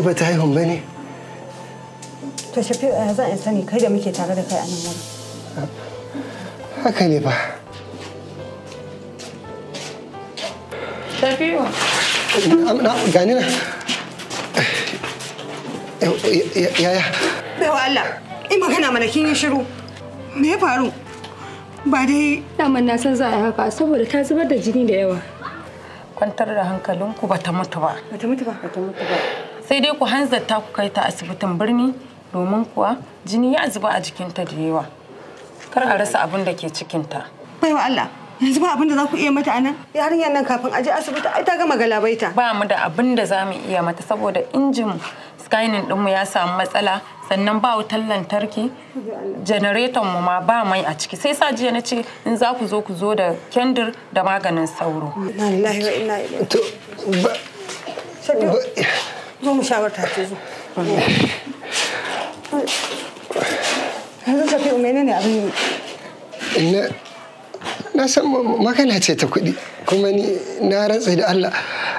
yanzu ba ta haihun ba ne to shafi eh, zan in sani kai da muke tare da kai a nan wurin haka ne ba shafi'u na gani na yaya baiwa Allah in magana mana kin yi shiru me ya faru ba dai daman na san za a haka saboda ta zubar da jini da yawa kwantar da hankalinku ba ta mutu ba ba ta mutu ba ba ta mutu ba sai dai ku hanzarta ku kai ta asibitin birni domin kuwa jini ya zuba a jikinta da yawa kar a rasa abin da ke cikinta wa Allah yanzu ba abin da za ku iya mata anan yarinyar nan kafin aje asibiti ai ta gama galabaita ba mu da abin da za mu iya mata saboda injin din mu ya samu matsala sannan ba wutar lantarki generator mu ma ba mai a ciki sai sa jiya na ce in za ku zo ku zo da kendir da maganin sauro. zo mu shawarta ce zo yanzu tafi umene ne abin yi na san magana ce ta kuɗi kuma ni na rantsa da Allah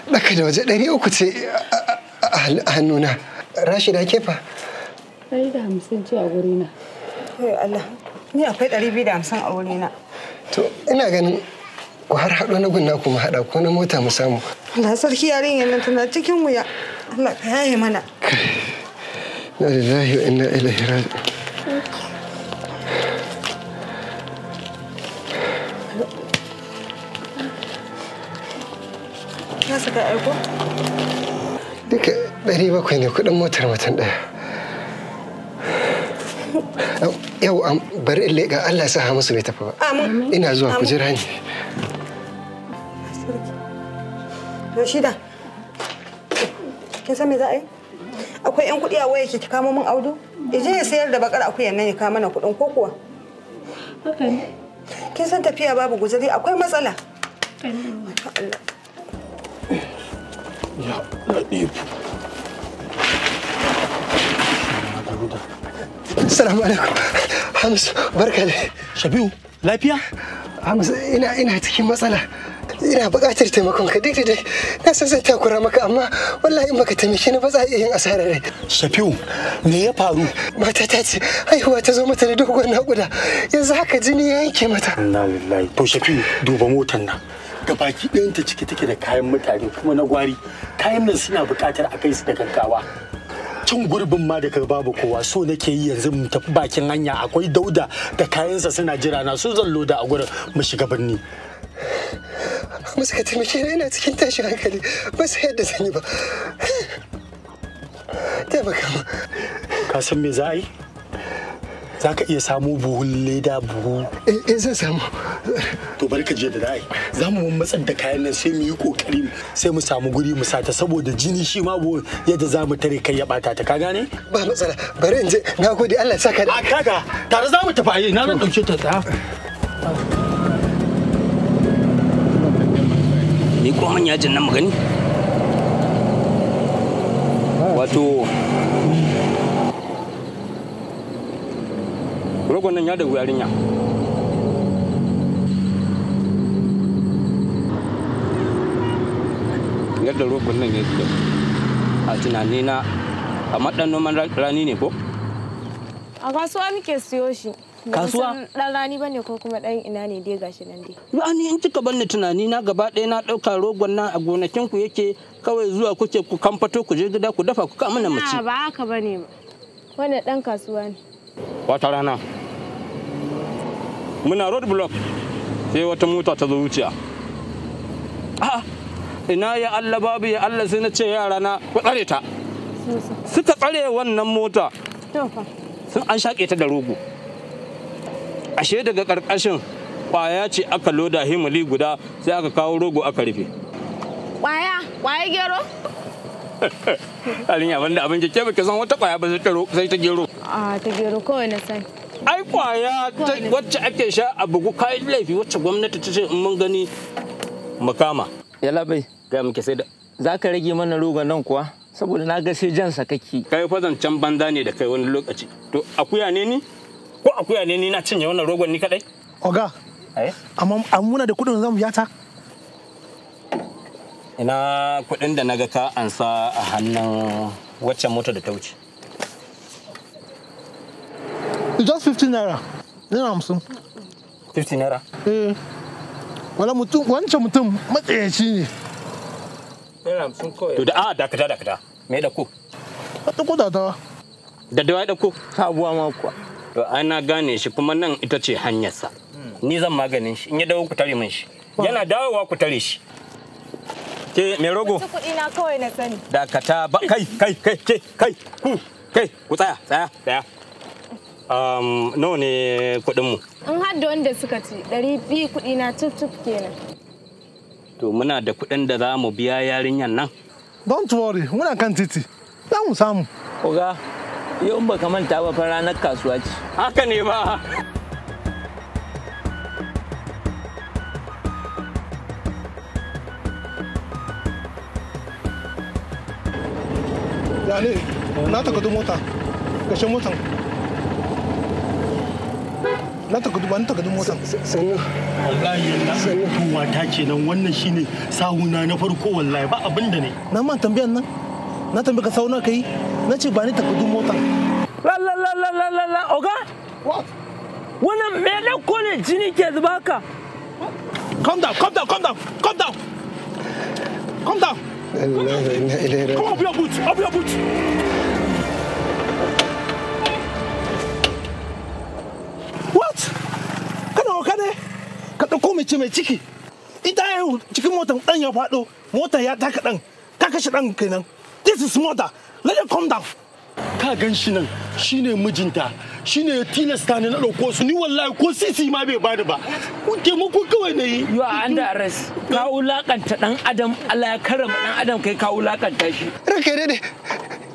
ɗaka da waje ɗari uku ce a hannuna rashida kefa ɗari da hamsin ce a gurina eh, Allah ni akwai ɗari biyu da hamsin a wurina to ina ganin ku har haɗo na gunna ku mu haɗa ko na mota mu samu. Allah sarki yarin yana tana cikin wuya. Allah ka yaye mana. Na lillahi wa inna ilaihi raji. Nasa saka aiko? Duka ɗari bakwai ne kuɗin motar mutum ɗaya. Yau, bari in leƙa Allah sa ha musu bai tafi ba. Ina zuwa ku jira ne. Rashida. Kin san me za a yi? Akwai 'yan kuɗi a waya ki kamo min audu? Ije ya sayar da bakar akuyan nan ya kama mana kuɗin ko kuwa? Haka ne. Kin san tafiya babu guzuri akwai matsala. Ya Latifu. Assalamu alaikum. Hamis barka da. Shabiu, lafiya? Hamis ina ina cikin matsala. ina buƙatar taimakon ka dai-dai-dai, na san zai takura maka amma wallahi in baka taimake ni ba za a iya yin asarar rai safiu me ya faru mata ta ce haihuwa ta zo mata da dogon naƙuda yanzu haka jini ya yanke mata inna lillahi to safiu duba motar nan ɗayan ɗayanta ciki take da kayan mutane kuma na gwari kayan nan suna buƙatar a kai su da gaggawa cin gurbin ma daga babu kowa so nake yi yanzu mu tafi bakin hanya akwai dauda da kayansa suna jira na su zan loda a gurin mu shiga birni musu ka taimake ni ina cikin tashin hankali ba su yadda zan yi ba taimaka ma ka san me za a yi za ka iya samu buhun leda buhu eh eh zan samu to bari ka je da dai za mu matsar da kayan nan sai mu yi kokari sai mu samu guri mu sata saboda jini shi ma buhun yadda za mu tare kai ya bata ta ka gane ba matsala bari in je na gode Allah ya saka da kaga tare za mu tafi na nan dauke ta ta ni kuma hanya jin nan magani wato rogon nan ya dagu yarinya yadda rogon nan ya da a tunani na a maɗan noman rani ne ko a kasuwa muke siyo shi kasuwa dan rani bane ko kuma dan ina ne dai gashi nan dai ni in kika banni tunani na gaba ɗaya na ɗauka rogon nan a gonakin ku yake kawai zuwa kuke ku kamfato ku je gida ku dafa ku kama mu mace ba haka bane ba wannan dan kasuwa ne wata rana muna road block sai wata mota ta zo wuciya a ina ya Allah babu ya Allah sai na ce yara na ku tsare ta suka tsare wannan mota sun an shaƙe ta da rogo ashe daga karkashin kwaya ce aka loda himali guda sai aka kawo rogo aka rufe kwaya kwaya gero yaban da abin ke baki san wata kwaya ba sai ta gero a ta gero kawai na sani ai kwaya wacce ake sha a bugu kai laifi wacce gwamnati ta ce in mun gani makama yala bai ga muke sai da za ka rage mana rogon nan kuwa saboda na ga sai jan sakaki kai fa zancen banza ne da kai wani lokaci to akuya ne ni ko akuya ne ni na cinye wannan rogon ni kadai oga eh? amma muna da kudin zamu yata ina kudin da naga ka ansa a hannun waccan mota da ta wuce just 15 naira naira hamsin 15 naira eh wala mutum wancan mutum matsayaci ne naira hamsin kawai to da a ah, dakata dakata me da ko ta ko da ta da da wai da ko sabuwa ma kuwa to ai na gane shi kuma nan ita ce hanyarsa ni zan maganin shi in ya dawo ku tare min shi yana dawowa ku tare shi ke me rogo kuɗi na kawai na sani dakata ba kai kai kai ke kai ku kai ku tsaya tsaya tsaya um nawa ne kudin mu in har da wanda suka ci ɗari biyu na tuf tuf kenan to muna da kuɗin da za mu biya yarinyan nan don't worry muna kan titi za mu samu oga yau in baka manta ba fa ranar kasuwa ce haka ne ba na takardu mota kashe motan na takardu ba na takardu motan sannu wallahi na sannu ta ce nan wannan shine sahuna na farko wallahi ba abinda ne na man tambayan nan na tambi ka sau ka yi na ce ba ni takardun motan la la la la la la la oga wannan me ne ko ne jini ke zuba ka calm down calm down calm down calm down calm down come open your boot open your boot what kana hauka ne ka ɗauko mace mai ciki ita yau cikin motan ɗan ya faɗo motan ya taka ɗan ka kashe ɗan kenan This is mother. Let her come down. Ka gan shi nan shine mijinta shine ya tilasta ni na ɗauko su ni wallahi ko sisi ma bai bani ba. Ku taimako kawai na yi. You are under arrest. Ka wulakanta dan Adam Allah ya karama dan Adam kai ka wulakanta shi. Ranka ne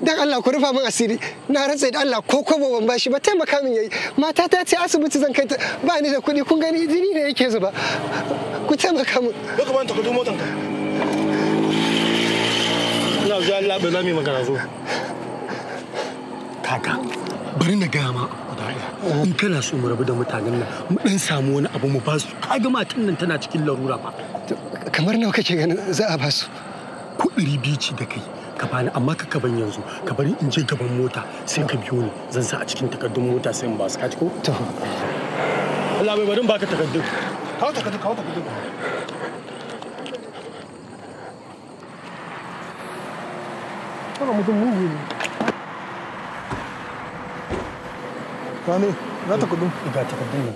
dan Allah ku rufa min asiri na rantsa da Allah ko kobo ban bashi ba taimaka min yayi mata ta ce asibiti zan kai ta ba ni da kuɗi kun gani jini ne yake zuba ku taimaka min. ban ta ka zo motanka. ina zuwa Allah bai zami magana zo kaka bari na gaya ma in kana so mu rabu da mutanen nan mu dan samu wani abu mu basu ga matan nan tana cikin larura ba kamar nawa kake ganin za a basu kuɗiri ci da kai ka bani amma ka kaban yanzu ka bari in je gaban mota sai ka biyo ni zan sa a cikin takardun mota sai in ba su kaci ko to Allah bai bari in baka takardun kawo takardun kawo takardun Well, I'm going to move him. Nani, nata kudu? Igata kudu.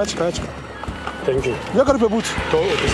Ячка, ячка. Thank you. Я корпе будь. То, это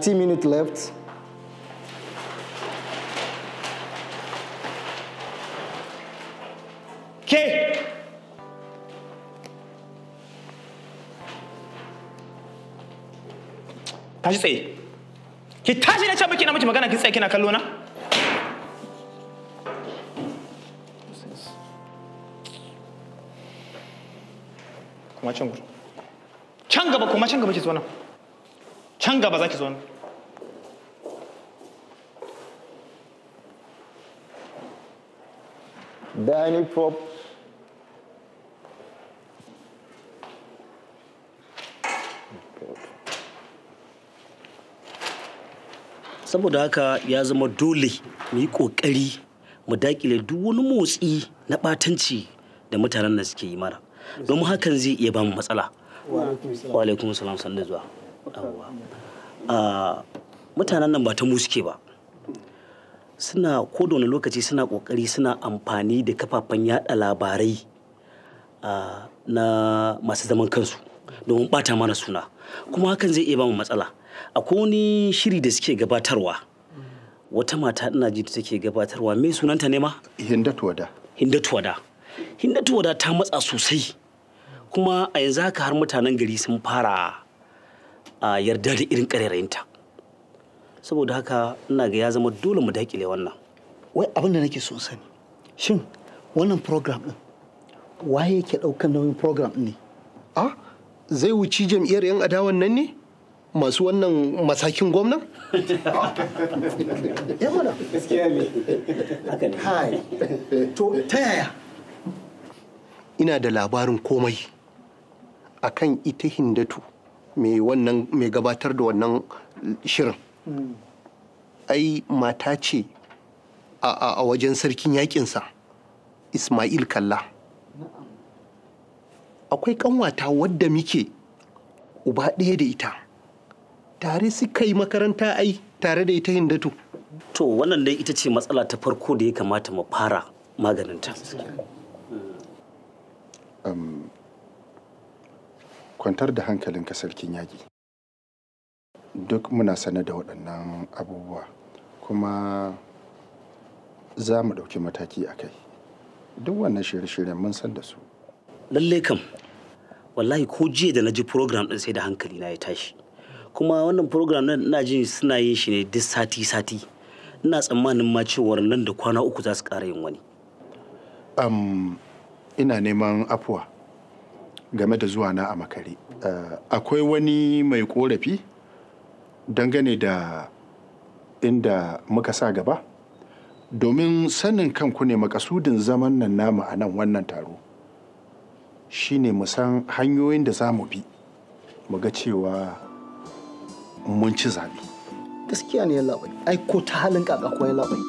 30 minutes left. Okay. Tashi tsaye. Ki tashi na can baki na miki magana kin tsaye kina kallo na? Kuma can Can gaba kuma can gaba ki zo nan. can gaba za ki zo Pop saboda haka ya zama dole mu yi ƙoƙari mu dakile duk wani motsi na ɓatanci da mutanen da suke yi mara don hakan zai iya bamu matsala wa alaikum salam zuwa mutanen nan ba ta mu suke ba suna ko da wani lokaci suna kokari suna amfani da kafafen yada labarai na masu zaman kansu domin bata mana suna kuma hakan zai iya bamu matsala akwai wani shiri da suke gabatarwa wata mata ina ji ta take gabatarwa mai sunanta ne ma hindatuwa da hindatuwa da ta matsa sosai kuma a yanzu haka har mutanen gari sun fara a yarda da irin ƙarerayinta saboda haka ina ga ya zama dole mu dakile wannan wai abin da nake son sani shin wannan program din waye yake ɗaukan nauyin program ne a zai wuci jam'iyyar 'yan adawan nan ne masu wannan masakin gwamnan? gaskiya hai to ta yaya ina da labarin komai akan ita hindatu mai gabatar da wannan shirin ai mata ce a wajen sarkin yakinsa ismail kalla akwai kanwata wadda muke uba ɗaya da ita tare su yi makaranta ai tare da ita hindatu to wannan dai ita ce matsala ta farko da ya kamata mu fara maganinta um, kwantar da hankalin ka sarkin yaƙi duk muna sane da waɗannan abubuwa kuma za mu ɗauki mataki a kai duk wannan shirye-shiryen mun san da su lalle kam wallahi ko jiya da na ji program ɗin sai da hankali na ya tashi kuma wannan program nan ina jin suna yin shi ne duk sati-sati ina tsammanin ma cewar nan da kwana uku za su ƙara yin wani um, ina neman afuwa game da zuwa na a makare eh, akwai wani mai korafi dangane da inda muka sa gaba domin sanin kanku ne makasudin zaman nan namu a nan wannan taro shine mu san hanyoyin da za mu bi mu ga cewa mun ci zaɓe gaskiya ne ya labai aiko ta halin kaka ko ya labai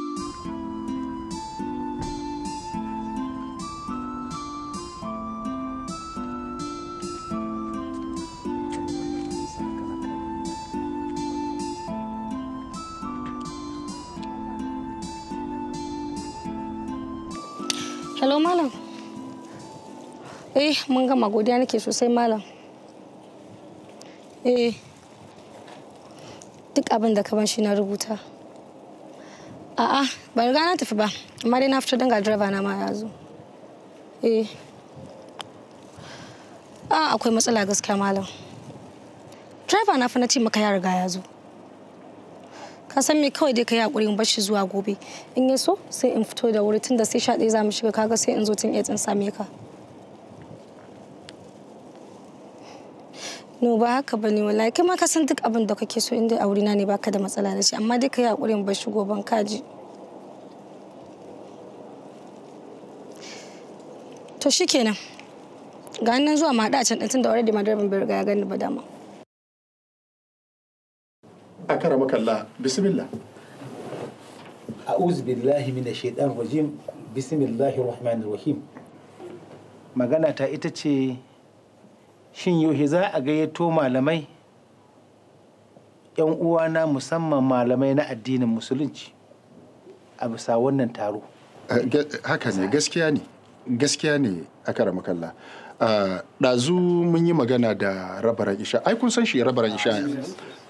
eh mun gama godiya nake sosai malam eh duk abin da ka ban shi na rubuta a'a ban riga na tafi ba amma dai na fito dan ga direba na ma ya zo eh a akwai matsala gaskiya malam direba na fa na ce maka ya riga ya zo ka san me kawai dai ka yi hakuri in shi zuwa gobe in ya so sai in fito da wuri tun da sai sha ɗaya za mu shiga kaga sai in zo tun iya tsin same ka no ba haka bane wallahi kai ma ka san duk abin da kake so inda aure na ne baka da matsala da shi amma dai kai hakurin ba shigo ban kaji to shikenan ga nan zuwa ma a can din tunda already madarban bai riga ya gani ba dama akara Allah bismillah a'udhu billahi minash shaitanir rajim bismillahir rahmanir rahim magana ta ita ce shin yaushe za a gayyato malamai yan uwana musamman malamai na addinin musulunci a bisa wannan taro eh, haka ne gaskiya ne gaskiya ne a karama kalla ah, ɗazu mun yi magana da rabaran isha ai kun san shi rabaran isha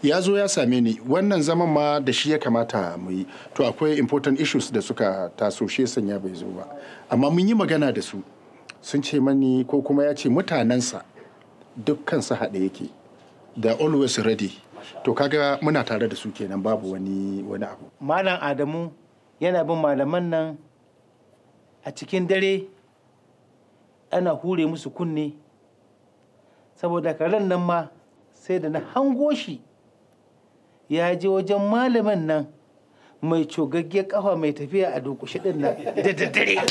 ya zo ya same ni wannan zaman ma da shi ya kamata mu yi to akwai important issues da suka taso shi sanya bai zo ba amma mun yi magana da su sun ce mani ko kuma ya ce mutanensa dukkan su haɗe yake da always ready to kaga muna tare da su kenan babu wani wani abu malam adamu yana bin malaman nan a cikin dare ana hure musu kunne saboda karen nan ma sai da na hango shi ya je wajen malamin nan mai cogagge kafa mai tafiya a dokushe din nan da daddare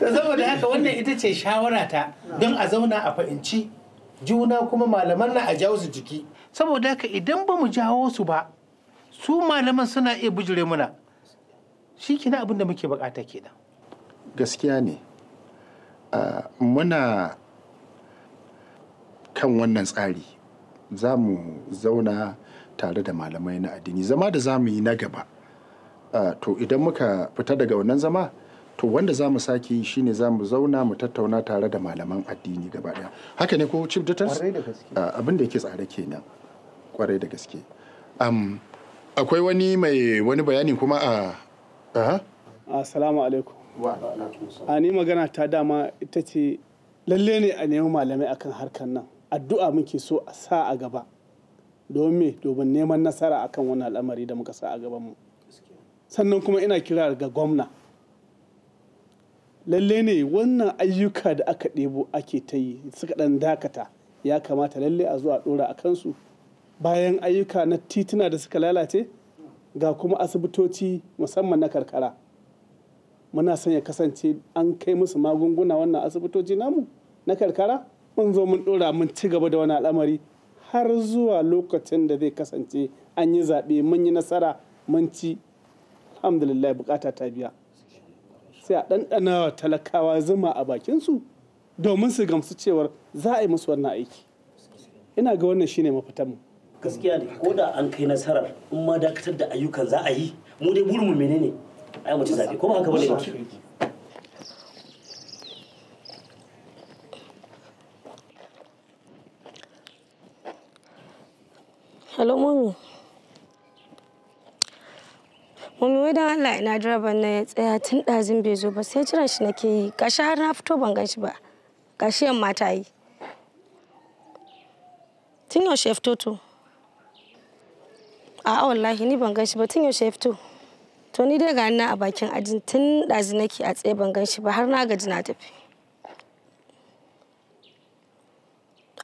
saboda haka wannan ita ce shawara ta don a zauna a fahimci juna kuma malaman na a jawo su jiki saboda haka idan ba mu jawo su ba su malaman suna iya bujire muna shi kina abin da muke bukata kenan gaskiya ne muna kan wannan tsari za mu zauna tare da malamai na addini zama da za mu yi na gaba to idan muka fita daga wannan zama to wanda za mu sake yi shine za mu zauna mu tattauna tare da malaman addini gaba daya haka ne ko chief daughters abin da yake tsare kenan kwarai da gaske akwai wani mai wani bayani kuma a assalamu alaikum a ni magana ta dama ita ce lalle ne a nemi malamai akan harkar nan addu'a muke so a sa a gaba don me domin neman nasara akan wani al'amari da muka sa a gaban mu sannan kuma ina kira ga gwamna lalle ne wannan ayyuka da aka ɗebo ake ta yi suka ɗan dakata ya kamata lalle a zuwa ɗora a kansu bayan ayyuka na tituna da suka lalace ga kuma asibitoci musamman na karkara muna son ya kasance an kai musu magunguna wannan asibitoci namu na karkara mun zo mun ɗora mun ci gaba da wani al'amari har zuwa lokacin da zai kasance an yi zaɓe mun yi nasara mun ci alhamdulillah bukata ta biya sai a ɗanɗana wa talakawa zuma a bakinsu domin su gamsu cewar za a yi musu wannan aiki ina ga wannan shine mafitanmu gaskiya ne ko da an kai nasarar in ma dakatar da ayyukan za a yi mu dai burinmu menene ai mu ci zaɓe ko ba haka bane Hello mommy. Mommy wai dan Allah ina direban nan ya tsaya tun ɗazin bai zo ba sai jiran shi nake yi. Gashi har na fito ban ganshi ba. Gashi yamma ta yi. Tun yaushe ya fito to? A'a wallahi ni ban ganshi ba tun yaushe ya fito. To ni dai ga na a bakin ajin tun nake a tsaye ban a ba har na gaji na tafi.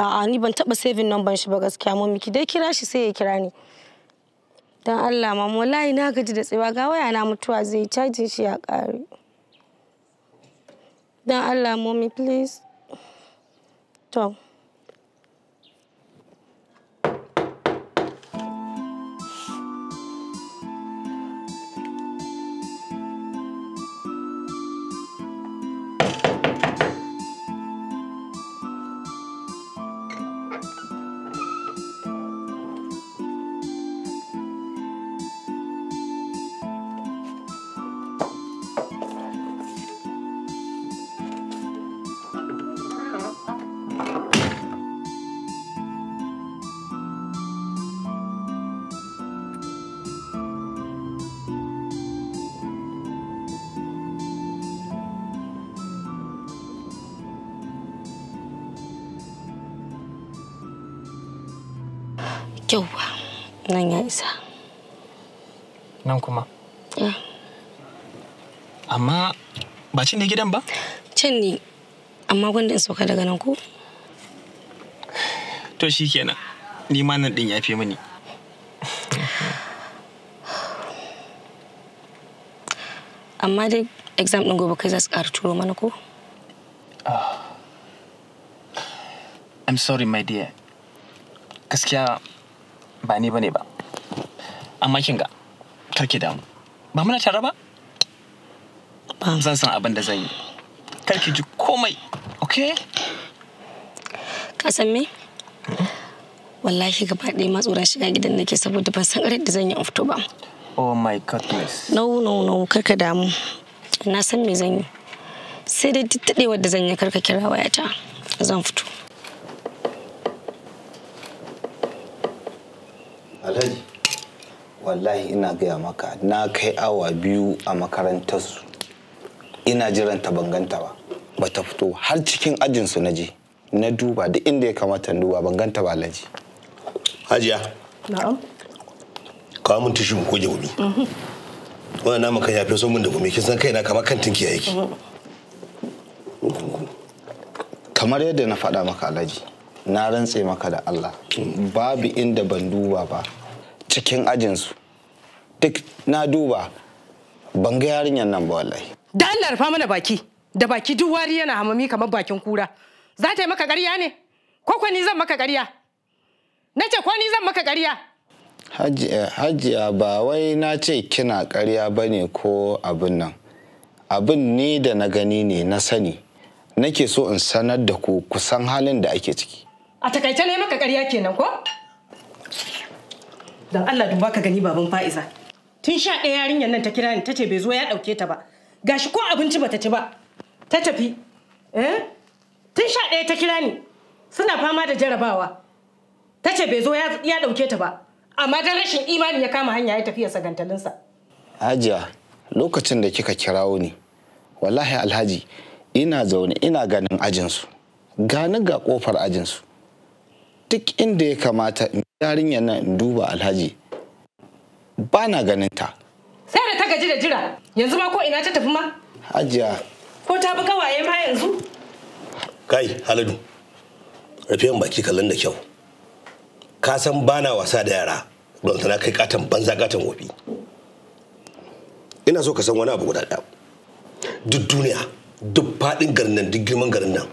a'a ni ban taba saving number shi ba gaskiya mu miki dai kira shi sai ya kira ni dan Allah ma wallahi na gaji da tsewa ga waya na mutuwa zai cajin shi ya kare dan Allah mommy please to ba nan ya isa. Nan kuma? Amma ba cin ne gidan ba? Can ne, amma gwanda in sauka daga nan ko? To shi kenan, ni ma nan din ya fi mini. Amma dai exam ɗin gobe kai za su ƙara turo mana ko? Ah. I'm sorry my dear. Gaskiya ba ne ba ne ba amma kin ga karki damu ba muna tare ba zan san abin da zan yi karki ji komai ok ka san me wallahi gaba ɗaya ma tsoron shiga gidan nake saboda ban san ƙarar da zan yi in fito ba oh my goodness no no no karka damu na san me zan yi sai dai duk daɗewar zan yi karka kira wayata zan fito wallahi ina gaya maka na kai awa biyu a makarantarsu ina jiran ta banganta ba bata fito har cikin ajinsu na je na duba duk inda ya kamata na duba banganta ba laji hajiya na'am kawo mun tishin ko goge gumi mhm. wannan naman kai yafe so mun da gumi kin san kaina kamar kan tinki yake mhm. kamar yadda na faɗa maka alhaji na rantse maka da Allah babu inda ban duba ba cikin ajinsu duk na duba ban ga yarinyar nan ba wallahi da Allah rufa mana baki da baki duk wari yana hamami kamar bakin kura za ta yi maka ƙarya ne ko ko ni zan maka ƙarya na ce ko ni zan maka ƙarya hajiya ba wai na ce kina ƙarya ba ne ko abin nan abin ne da na gani ne na sani nake so in sanar da ku kusan halin da ake ciki a takaice ne maka ƙarya kenan ko Dan allah duba ka gani baban fa'iza tun sha ɗaya yarinyar nan ta kira ni ta ce bai zo ya ɗauke ta ba gashi ko abinci bata ci ba ta tafi eh? tun sha ɗaya ta kira ni suna fama da jarabawa ta ce bai zo ya ɗauke ta ba amma dan rashin imani ya kama hanya ya tafi ya sagantalinsa hajiya lokacin da kika kirawo ni wallahi alhaji ina zaune ina ganin ajinsu gani ga kofar ajinsu duk inda ya kamata yarinyar nan in duba alhaji ba ganin ta. Sai da ta gaji da jira, yanzu ma ko ina ta tafi ma? Hajiya. Ko ta bi kawaye ma yanzu? Kai, Haladu, rufe yin baki kallon da kyau. Ka san ba wasa da yara, don na kai katon banza katon wofi. Ina so ka san wani abu guda ɗaya. Duk duniya, duk faɗin garin nan, duk girman garin nan,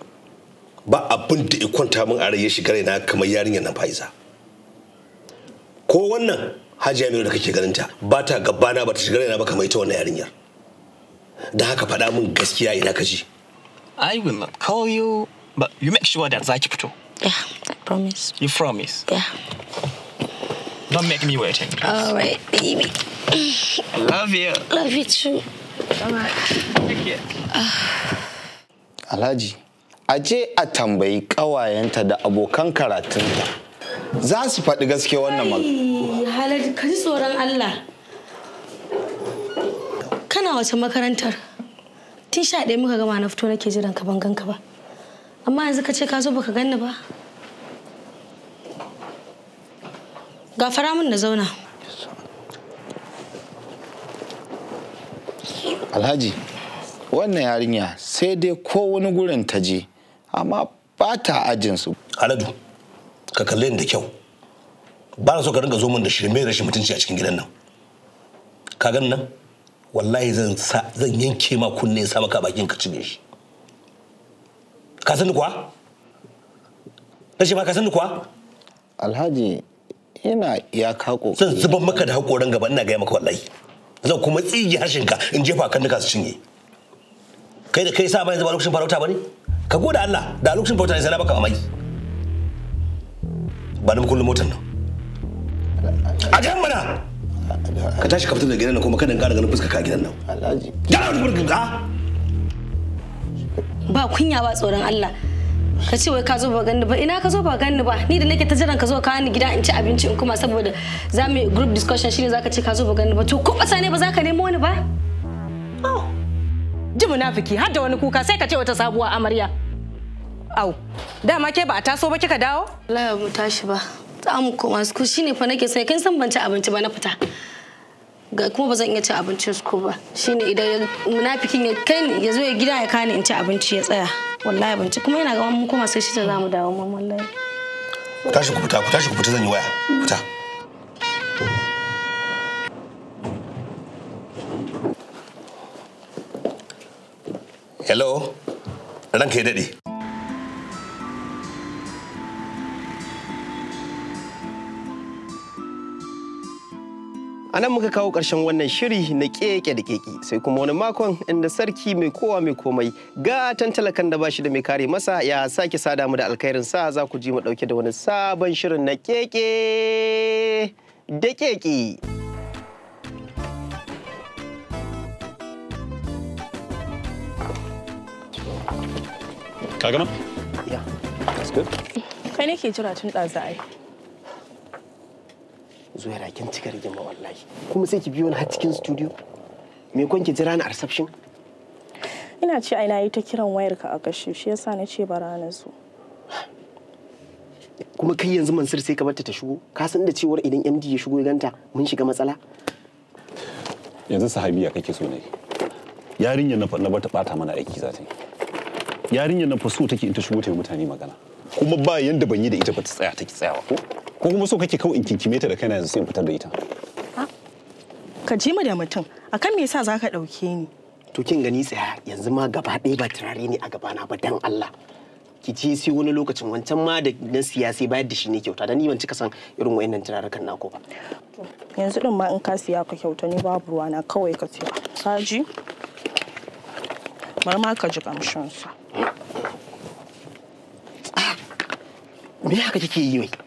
ba abin da ikwanta min a rai ya shiga raina kamar yarinyar na fa'iza. Ko wannan hajiya mai da kake ganin ta ba ta gabana ba ta shiga raina ba kamar ita wannan yarinyar da haka faɗa min gaskiya ina ka ji I will not call you but you make sure that zaki fito yeah I promise you promise yeah don't make me wait all right baby love you love you too alhaji a take Alhaji, aje a tambayi ƙawayenta da abokan karatunta. za su faɗi gaske wannan halar ka ji tsoron Allah kana wace makarantar tun sha ɗaya muka gama na fito nake jiran ka ban ganka ba amma yanzu ka ce ka zo baka ganni ba gafara mun na zauna alhaji wannan yarinya sai dai ko wani gurin ta je amma ba ta ajinsu aladu ka kalle ni da kyau ba na so ka rinka zo min da shirme rashin mutunci a cikin gidan nan ka gan nan wallahi zan sa zan yanke ma kunne sa maka bakin ka cinye shi ka sani kuwa rashin ma ka sani kuwa alhaji ina iyaka kokari zan zuban maka da hakoran gaba ina ga maka wallahi zan kuma tsige harshen ka in jefa kan duka su cinye kai da kai sa mai yanzu ba lokacin farauta bane ka gode Allah da lokacin farauta ne sai na baka mamaki ba na makullin motar nan a jan mana ka tashi ka fita da gidan nan kuma kada ƙara ganin fuska ka gidan nan alhaji da ka ba kunya ba tsoron Allah ka ce wai ka zo ba ganni ba ina ka zo ba ganni ba ni da nake ta jiran ka zo ka ni gida in ci abinci in kuma saboda za mu group discussion shine zaka ce ka zo ba ganni ba to ko ne ba za ka nemo wani ba oh. ji munafiki har da wani kuka sai ka ce wata sabuwa amarya Au, dama ke ba a taso ba kika dawo? Allah mu tashi ba. Za mu koma su shine fa nake sai kin san ban ci abinci ba na fita. Ga kuma ba zan iya cin abincin su ba. Shine idan munafikin ya kai ya zo ya gida ya kani in ci abinci ya tsaya. Wallahi ban ci kuma yana ga mun koma sai shi za zamu dawo mun wallahi. Ku tashi ku fita, ku tashi ku fita zan yi waya. Fita. Hello, ranka ya daɗe. A nan muka kawo ƙarshen wannan shiri na keke da keke sai kuma wani makon inda sarki mai kowa mai komai gatan talakan da bashi da mai kare masa ya sake sada mu da alkhairin sa za ku ji mu ɗauke da wani sabon shirin na keke da keke. Ka gama? Ya, that's good. Kai ke jira tun ɗaza ai. zuwa kin cika rigima wallahi kuma sai ki biyo ni har cikin studio me kun ki jira ni a reception ina ce ai yi ta kiran wayar ka a kashe shi yasa na ce bara na zo kuma kai yanzu Mansur sai ka barta ta shigo ka san da cewar idan MD ya shigo ya ganta mun shiga matsala yanzu sahabiya kake so ne yarinyar na na bata bata mana aiki za ta yi yarinyar na fa so take in ta shigo ta yi mutane magana kuma ba yanda ban yi da ita ba ta tsaya take tsayawa ko ko kuma so kake kawai in kinkime ta da kana yanzu sai in fitar da ita ah, ka ji mu da mutum akan me yasa zaka dauke ni to kin gani tsaya yanzu ma gaba ɗaya ba turare ne a gaba na ba dan Allah ki ci sai wani lokacin wancan ma da na siyasi bayar da shi ne kyauta da ni ban cika san irin wayannan turarukan nako ba yanzu din ma in ka siya ka kyauta ne babu ruwa na kawai ka siya ka ji bar ma ka ji kamshin sa me haka kike yi mai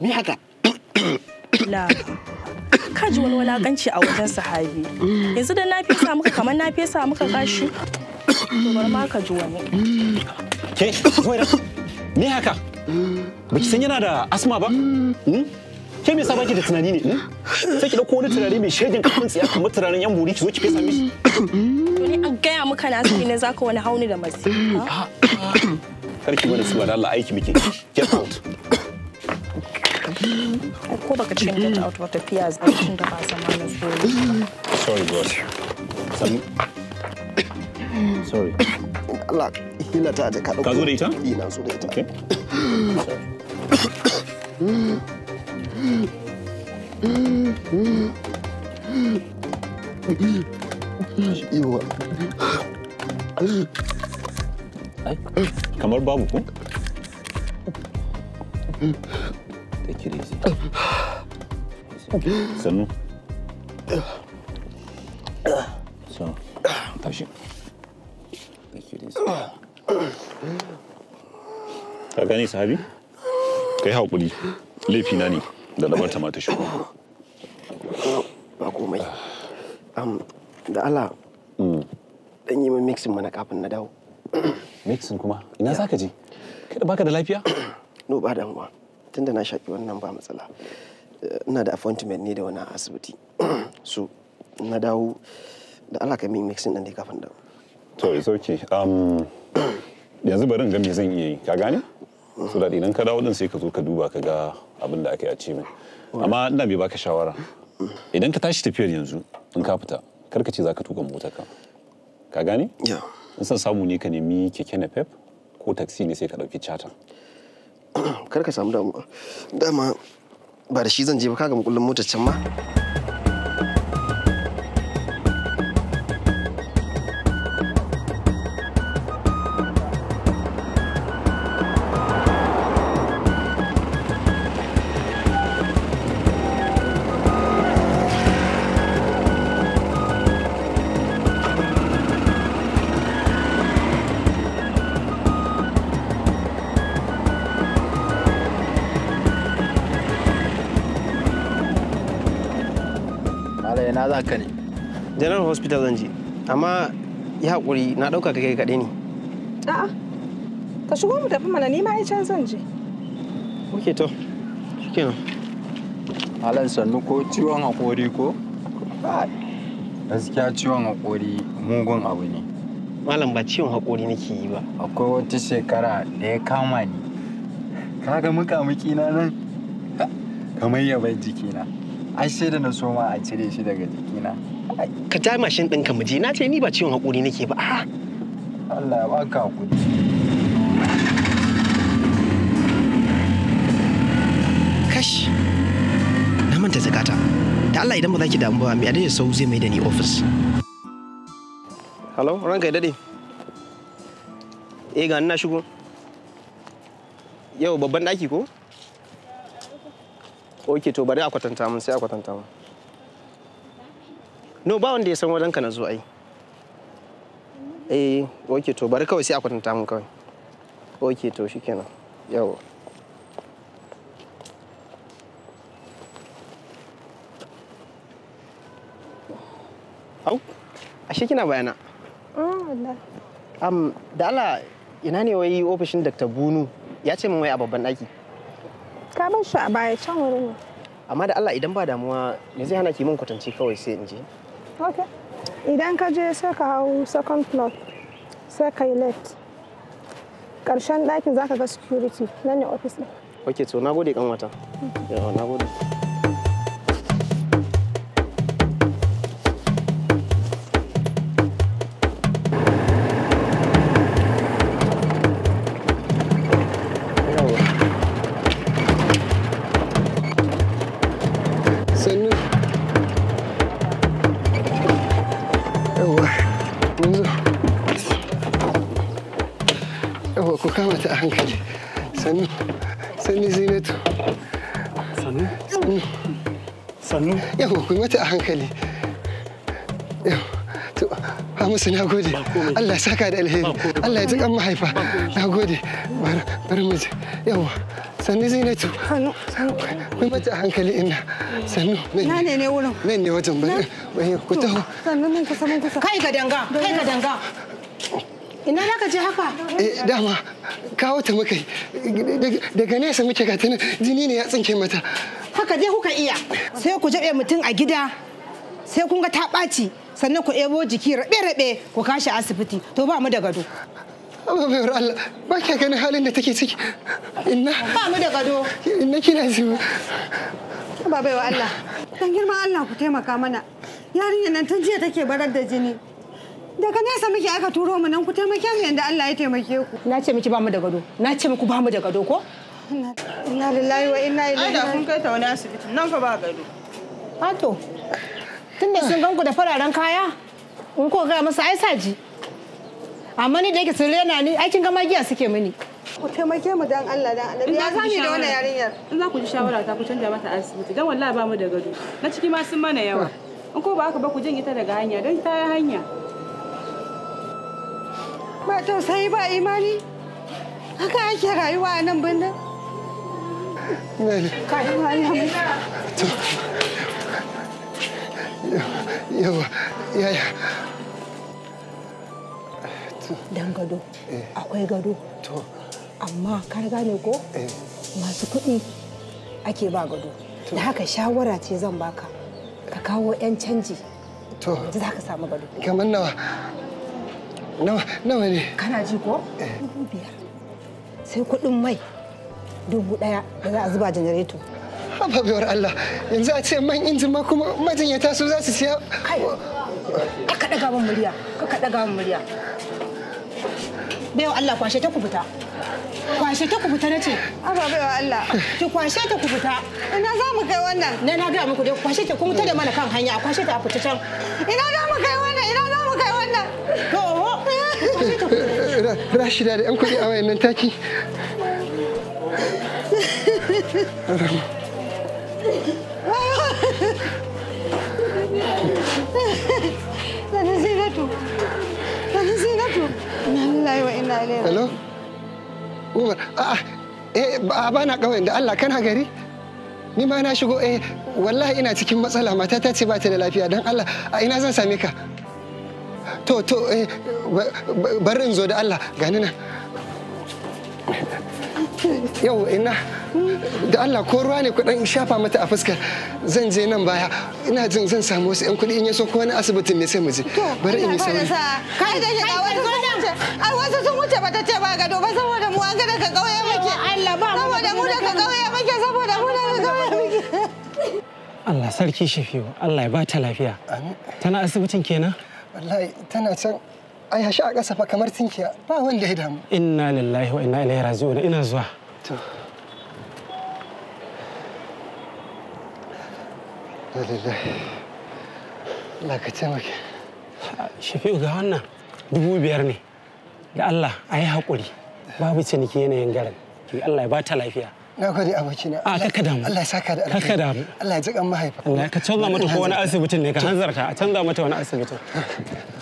me haka la ka ji wani walakanci a wajen sahabi yanzu da na fesa maka kamar na fesa maka kashi to ma ka ji wani ke me haka ba ki san yana da asma ba hmm? ke me ki da tunani ne hmm? sai ki dauko wani turare mai shegin kafin tsiya kamar turaren yan buri ki zo ki fesa mishi to ni an gaya muka na sai ne zaka wani hauni da masifa karki mana suwa da Allah aiki muke get out I could have changed it out what appears. I shouldn't babu da kirezi sannu so tashi da kirezi ka gane sahabi kai haƙuri na ne da labarta mata shigo ba komai da Allah mm. dan yi min mixin mana kafin na dawo mixin kuma ina zaka je kai da baka da lafiya no ba damuwa tunda na shaƙi wannan ba matsala ina da appointment ne da wani asibiti so na dawo da Allah ka min mixing din da kafin da to it's okay um yanzu bari in ga me zan iya yi ka gane so da idan ka dawo din sai ka zo ka duba ka ga abin da aka yi a cimin amma ina bai baka shawara idan ka tashi tafiyar yanzu in ka fita kar ka ce zaka tuka motar ka ka gane in san samu ne ka nemi keke na pep ko taxi ne sai ka dauki chata kar ka samu damuwa dama ba da shi zan je ba kaga mukullin motar can ma na za ka ne general hospital zan je amma ya haƙuri na ɗauka kai kaɗai ne a'a ka shigo mu tafi mana ni ma ai can zan je ok to shikenan Alan sannu ko ciwon haƙori ko gaskiya ciwon haƙori mugun abu ne malam ba ciwon haƙori nake yi ba akwai wata shekara da ya kama ni kaga muka muki na nan kamar yabai bai na. ai sai da na so ma a cire shi daga jikina ka ja mashin ɗinka mu je na ce ni ba ciwon haƙuri nake ba a ah. Allah ya baka hakuri. kash na manta zakata da Allah idan ba za ki damu ba mai adadin sau zai mai da ni ofis Hello ranka ya dade eh ga na shigo yau babban ɗaki ko ok to bari a kwatanta mun sai a kwatanta mun no ba wanda ya san wajen ka na zo ai eh ok to bari kawai sai a kwatanta mun kawai ok to shikenan yawo au ashe kina bayana um da Allah ina ne wai ofishin Dr. Bunu ya ce min wai a babban ɗaki Ka bar shi a baya can wurin ne. Amma da Allah idan ba damuwa me zai hana ki mun kwatance kawai sai in je. Okay. Idan ka je sai ka hau second floor sai ka yi left. Ƙarshen ɗakin za ka ga security nan ne office ne. Okay to na gode kan wata. Yawa na gode. tashi a hankali sannu sannu zinatu sannu sannu sannu yawa ku mata a hankali yawa to Hamisu na gode Allah ya saka da alheri Allah ya ji kan mahaifa na gode bari mu je yawa sannu zinatu ku mata a hankali ina sannu na ne ne wurin nan ne wajen bari ku taho sannu nan ka saman kusa kai ga danga kai ga danga Ina za ka je haka? Eh dama kawo ta muka daga nesa muke ga tunan jini ne ya tsinke mata. Haka dai kuka iya. Sai ku jaɓe mutum a gida sai kun ga ta ɓaci sannan ku ebo jiki raɓe-raɓe ku kashi asibiti to ba mu da gado. mu da Allah ba kya ganin halin da take ciki. Inna. Ba mu da gado. Inna kina zuwa. Ba wa Allah. Dan girman Allah ku taimaka mana. Yarinyar nan tun jiya take barar da jini. Daga nesa muke aka turo mu nan ku taimake mu yanda Allah ya taimake ku. Na ce miki ba mu da gado. Na ce muku ba mu da gado ko? Inna lillahi wa inna ilaihi. Ai da kun kai ta wani asibiti nan fa ba gado. Ah, tun da sun ganku da fararen kaya in ko ga masa ai saji. Amma ni da yake sun rena ni ai kin ga magiya suke mini. Ku taimake mu dan Allah dan Allah. Ya sani da wannan yarinyar. In za ku ji shawara ta ku canja mata asibiti dan wallahi ba mu da gado. Na ciki ma sun mana yawa. In ko ba haka ba ku janye ta daga hanya dan ta hanya. ba tausayi ba imani haka ake rayuwa a nan birnin yawa yaya dan gado eh. akwai gado amma kar gane ko eh. masu kuɗi ake ba gado da haka shawara ce zan baka ka kawo 'yan canji yanzu za ka samu gado kamar nawa nawa ne kana ji ko eh. dubu biyar sai kuɗin mai dubu ɗaya da za a zuba janareto haba Allah yanzu a ce man injin ma kuma majinyata su za su siya kai aka ɗaga min murya aka ɗaga min murya baiwa Allah kwashe ta kubuta kwashe ta kubuta na ce. aba baiwa Allah ki kwashe ta kubuta. ina za mu kai wannan na na ga muku dai kwashe ta kuma ta da mana kan hanya a kwashe ta a fita can ina za mu kai wannan ina za kai wannan to rashida da yan kuɗi a wayannan taki Sani na wa ina Hello? Umar, a'a, ah, eh, ba na ƙauyen da Allah kana gari? Ni ma na shigo, eh, wallahi ina cikin matsala matata ce ba ta da lafiya don Allah, a ina zan same ka? to to eh, bari in zo da Allah gani nan yau ina da Allah ko ruwa ne kuɗin shafa mata a fuska zan je nan baya ina jin zan samu wasu 'yan kuɗi in yaso ko wani asibitin ne sai mu je bari in yi sai kai da shiga wani zonan ai wasu sun wuce bata ce ba gado ba saboda mu an ga daga kauye muke Allah ba mu saboda mu daga kauye muke saboda mu daga kauye muke Allah sarki shafiwa Allah ya ba ta lafiya tana asibitin kenan wallahi tana can ai hashi a ƙasa fa kamar tinkiya ba wanda ya damu inna lillahi wa inna ilaihi raji'un ina zuwa to lillahi Allah ka taimake shafi'u ga wannan dubu biyar ne da Allah a yi haƙuri babu ciniki yanayin garin Allah ya ba ta lafiya Na gode abokina. damu. Allah ya saka da alheri. damu. Allah ya ji kan mahaifa. Allah ka canza mata ko wani asibitin ne ka hanzarta a canza mata wani asibitin.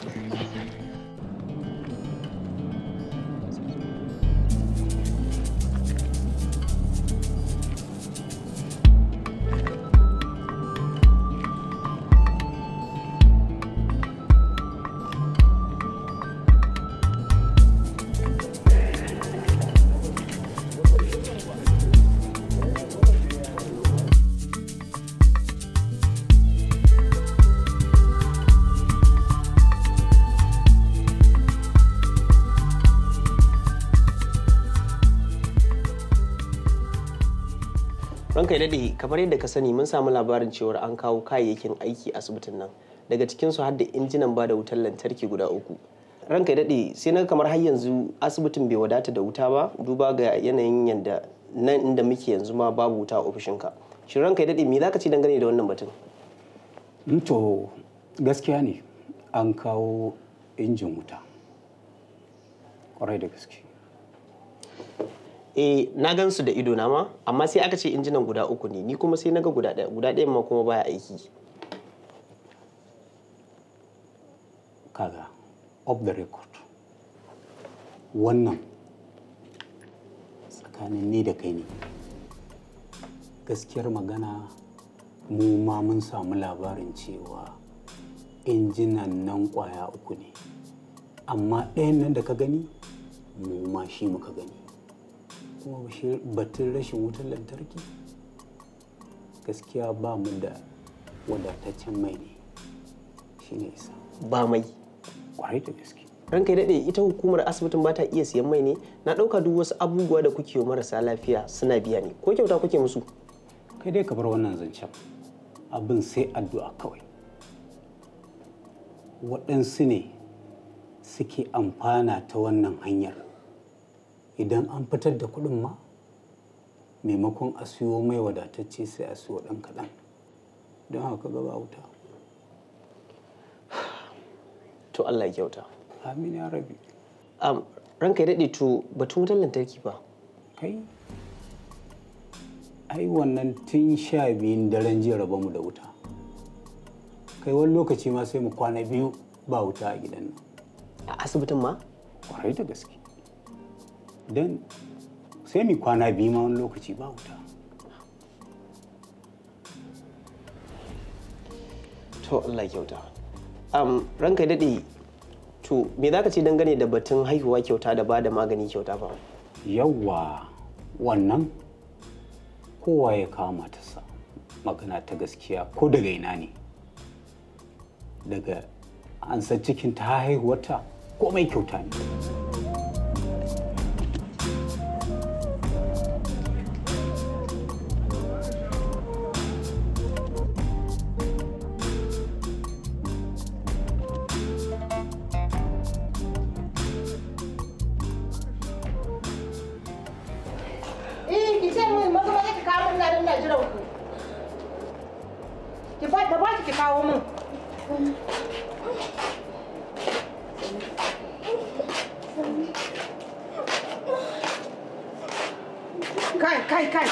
ranka ya daɗe kamar yadda ka sani mun samu labarin cewar an kawo kayayyakin aiki asibitin nan daga cikinsu har da injinan ba da wutar lantarki guda uku ran ya daɗe sai na kamar har yanzu asibitin bai wadata da wuta ba duba ga yanayin yadda nan inda muke yanzu ma babu wuta a ofishinka shi ran ya daɗe me za ka ci dangane da wannan batun mm, to gaskiya ne an kawo injin wuta kwarai da gaske eh na gan su da ido na ma amma sai aka ce injinan guda uku ne ni kuma sai naga guda ɗaya guda ɗaya ma kuma baya aiki kaga of the record wannan tsakanin ni da kai ne gaskiyar magana mu ma mun samu labarin cewa injinan nan kwaya uku ne amma ɗayan nan da ka gani mu ma shi muka gani kuma batun rashin wutar lantarki gaskiya ba mu da wadataccen mai ne shi ne isa ba mai kwarai da gaske ran kai daɗe ita hukumar asibitin ba ta iya siyan mai ne na ɗauka duk wasu abubuwa da kuke marasa lafiya suna biya ne ko kyauta kuke musu kai dai ka bar wannan zancen abin sai addu'a kawai waɗansu ne suke amfana ta wannan hanyar idan an fitar da kuɗin ma maimakon a siyo mai wadatacce sai a siyo ɗan kaɗan don haka gaba wuta to Allah ya kyauta amin ya rabi um, ranka ya daɗe to batun wutar lantarki ba kai ai wannan tun sha biyun daren jiya raba mu da wuta kai wani lokaci ma sai mu kwana biyu ba wuta a gidan nan a asibitin ma kwarai da gaske don sai mi kwana biyu ma wani lokaci ba wuta to Allah kyauta um, ranka daɗe to me za ka ce dangane da batun haihuwa kyauta da ba da magani kyauta ba yawwa wannan kowa ya kama ta sa magana ta gaskiya ko daga ina ne daga an san cikin ta haihuwarta komai kyauta ne kai kai kai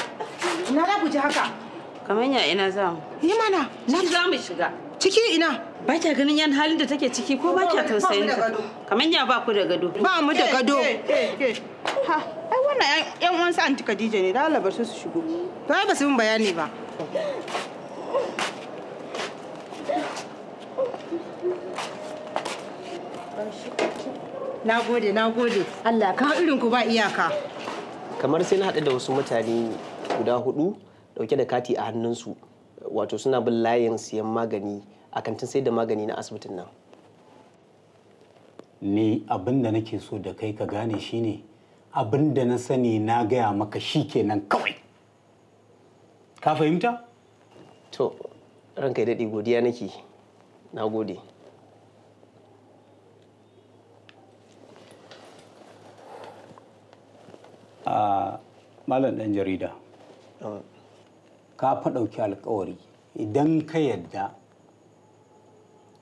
ina za ku ji haka kamar ya ina za mu Ni mana ciki za mu shiga ciki ina ba kya ganin yan halin da take ciki ko ba kya tausayin ta kamar ya ba ku da gado ba mu da eh, gado eh, eh, ha ai wannan yan uwan anti Khadija ne da Allah su su shigo to ai ba su mun bayani ba Na gode, na gode. Allah ka irin ku ba iyaka. kamar sai na haɗu da wasu mutane guda hudu dauke da kati a hannunsu wato suna bin layin siyan magani a kantin sai da magani na asibitin nan ni abin da nake so da kai ka gane shine abin da na sani na gaya maka shi kenan kawai ka fahimta to ranka ya daɗe godiya nake na gode a malam ɗan jarida ah. ka fa ɗauki alkawari idan ka yadda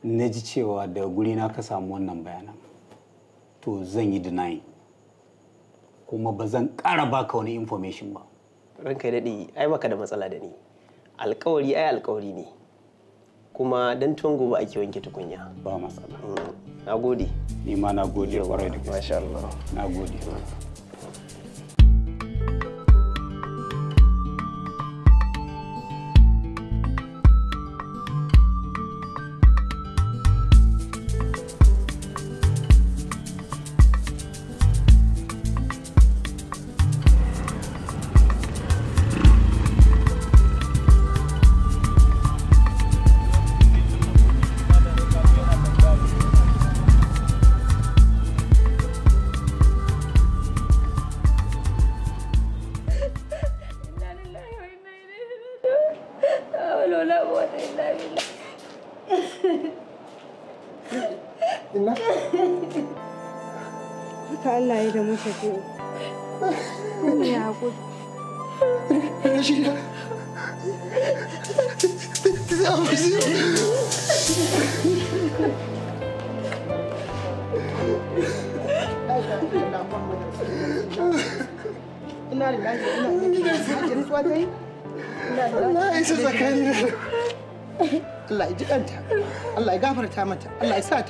na ji cewa da gurina ka samu wannan bayanan to zan yi denying kuma ba zan ƙara baka wani information ba ranka ya ai baka da matsala da ni alkawari ai alkawari ne kuma don tuwon gobe ake wanke tukunya ba matsala mm. na gode ni ma na gode kwarai da gaske na gode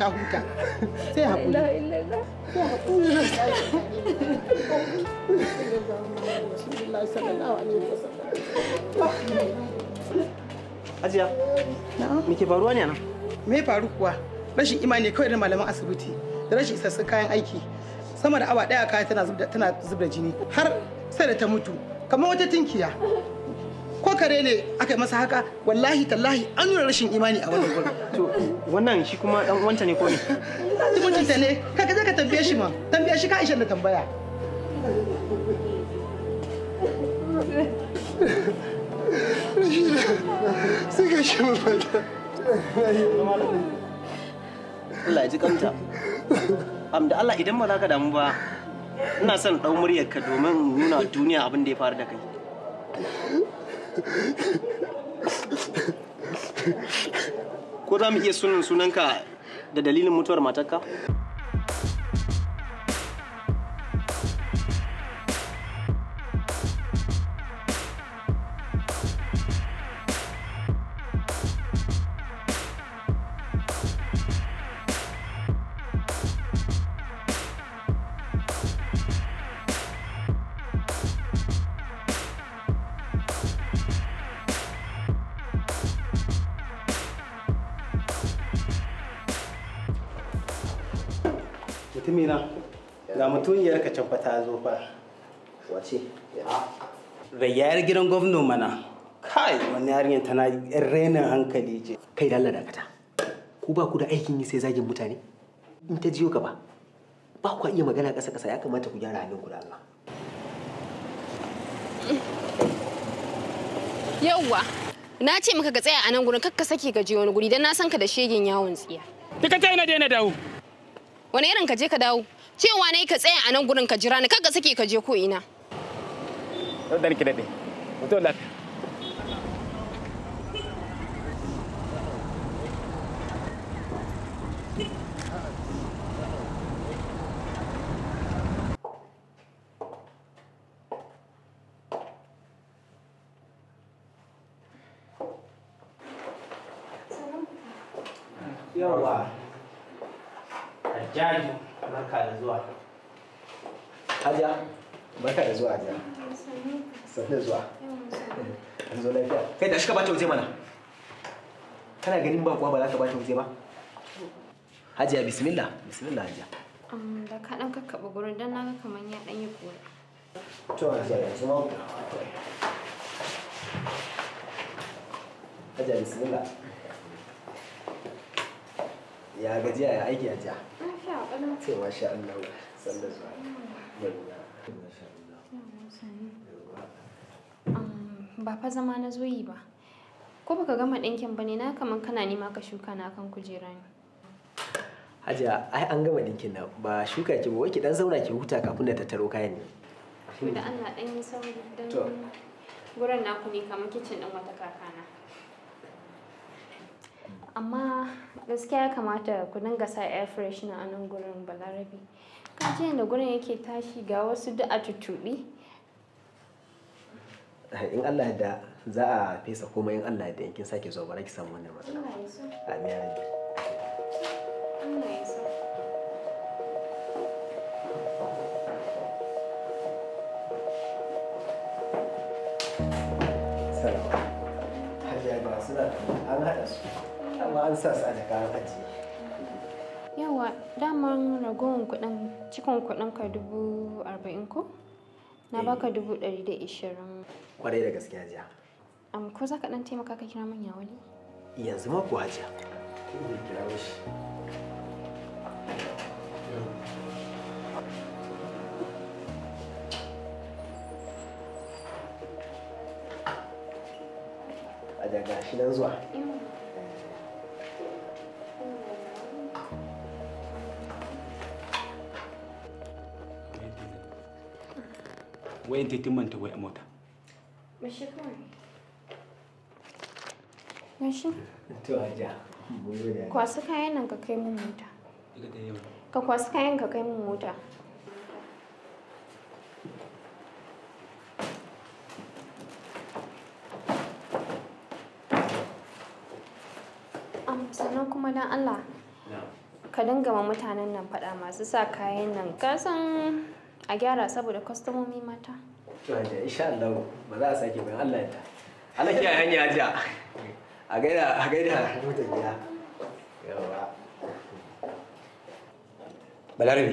ta huta sai haƙuri Ajiya, me ke faruwa ne nan? Me faru kuwa? Rashin imani kawai da malaman asibiti da rashin isassun kayan aiki. Sama da awa ɗaya kaya tana zub da jini har sai da ta mutu kamar wata tinkiya. ko kare ne aka yi masa haka wallahi tallahi an nuna rashin imani a wannan gurin to wannan shi kuma dan wanta ne ko ne mutunta ne kaga ka tambaye shi ma tambaye shi ka Aisha da tambaya sai ka shi mafata Allah ya ji kanta am da Allah idan ba za ka damu ba ina son ɗau muryarka domin nuna duniya abin da ya faru da kai Ko za mu iya sunan sunanka da dalilin mutuwar matarka? mutumi na ga mutuniyar ka can fa ta zo fa wace rayyar ah. gidan gwamno mana kai wani yarinyar tana yan renin hankali ce kai da Allah dakata ku ba ku da aikin yi sai zagin mutane in ta jiyo gaba ba ku iya magana ƙasa ƙasa ya kamata ku gyara halin ku da Allah Yauwa, na ce maka ka tsaya a nan gurin kakka sake gaje wani guri don na san ka da shegin yawon tsiya. Ni ka ta ina daina dawo. wani irin ka je ka dawo cewa na yi ka tsaya a nan gurin ka jira ni kaga sake ka je ko ina dan ki jaju barka da zuwa hajiya barka da zuwa hajiya sannu zuwa an zo lafiya kai da shi ka bata waje mana kana ganin ba kuwa ba za ka bata waje ba hajiya bismillah bismillah hajiya da ka dan kakkaɓe gurin don naga kamar ya dan yi kura to hajiya yanzu ma hajiya bismillah ya gajiya ya aiki a jiya sai masha Allah sanda zuwa mm. ba fa zama na zo yi ba ko baka gama ɗinkin ba ne na kamar kana nema ka shuka na kan kujera ne hajiya ai an gama ɗinkin na ba shuka ki ba wai ki dan zauna ki huta kafin da tattaro kayan ne da Allah dan yi sauri dan gurin naku ne kamar kicin din wata kakana amma gaskiya ya kamata ku dinga sa air freshener a nan gurin balarabe ka ji yadda gurin yake tashi ga wasu duk a tuttuɓi in allah da za a fesa koma in allah da yankin sake zuwa bara ki samu wannan matsala Salam. da an dama an sa su a jaka ajiye yawa damar ragowar kudin cikin kudin ka dubu arba'in ko na eh. baka dubu ɗari da ishirin kwarai da gaskiya jiya am ko za ka ɗan taimaka ka kira manya wani yanzu ma kuwa jiya kira a daga shi nan zuwa entertainment ta wai a mota mashi kawai mashi to aja kwasu kayan nan ka kai mun mota ka kwasu kayan ka kai mun mota sannan kuma don Allah ka dinga ma mutanen nan fada masu sa kayan nan kasan a gyara saboda kwastomomi mata. to insha Allah ba za a sake ban Allah ya Allah kiyaye hanya hajiya a gaida a gaida mutan gida balarabe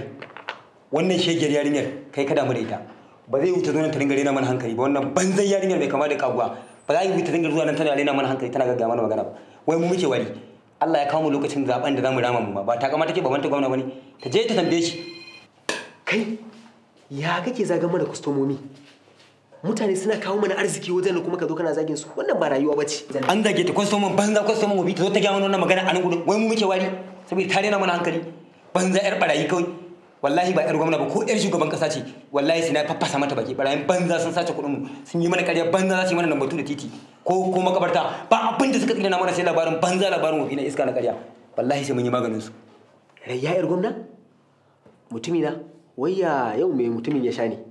wannan shegiyar yarinyar kai kada mu da ita ba zai wuce zuwa ta dinga rena mana hankali ba wannan banzan yarinyar mai kama da kaguwa ba za wuce dinga zuwa nan tana rena mana hankali tana gaggawa mana magana ba wai mu muke wari Allah ya kawo mu lokacin zaben da mu rama mu ma ba ta kama take babanta gwamna bane ta je ta tambaye shi kai ya kake zaga mana kustomomi mutane suna kawo mana arziki wajen kuma ka zo kana zagin su wannan ba rayuwa bace an zage ta kwastomin banza kwastomin gobe ta zo ta gaya mana wannan magana a nan gudun wai mu muke wari saboda tare na mana hankali banza yar barayi kawai wallahi ba yar gwamna ba ko yar shugaban kasa ce wallahi sai na faffasa mata baki barayin banza sun sace kudin mu sun yi mana ƙarya banza za su yi mana lambatu da titi ko ko makabarta ba abin da suka na mana sai labarin banza labarin wofi na iska na ƙarya wallahi sai mun yi maganin su rayya yar gwamna mutumina wai wayya yau me mutumin ya sha ne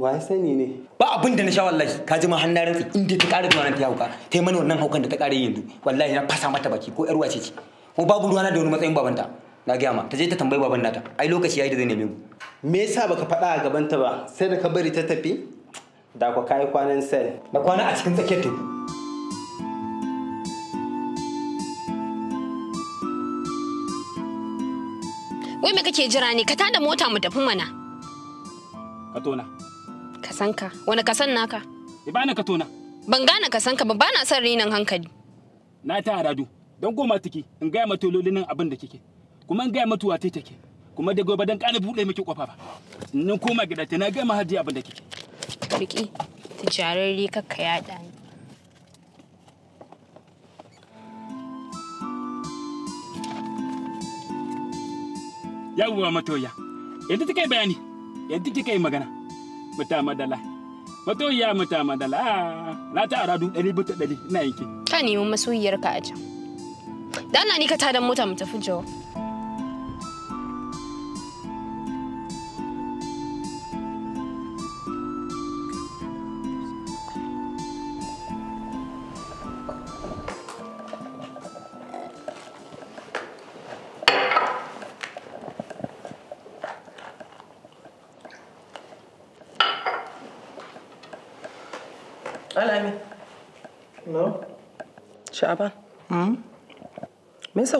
wa ya sani ne ba abin da na sha wallahi ka ji ma har rantsi inda ta ƙara nan ta hauka ta yi mana wannan haukan da ta ƙara yanzu wallahi na fasa mata baki ko ƴar ce ce ko babu ruwa na da wani matsayin babanta na gaya ma ta je ta tambayi baban nata ai lokaci yayi da zai neme mu me yasa baka faɗa a gabanta ba sai da ka bari ta tafi da ku kai kwanan sel na kwana a cikin tsakiyar teku Wai me kake jira ne ka tada mota mu tafi mana? Ka tona. kasanka wani kasan naka ibana ka tona ban gane kasanka ba bana son renin hankali na ta haradu don goma tiki in gaya mata lolinin abin da kike kuma in gaya mata wate take kuma da gobe dan kana bude miki kofa ba nan koma gida ta na gaya ma hadi abin da kike ta tijararri kakka ya dani yawwa matoya yanzu take bayani yanzu take magana madala mato ya madala na ta aradu ɗari bata ɗari ina yanki ka nemi ka a can dana ni ka tada mota mu tafi jawo.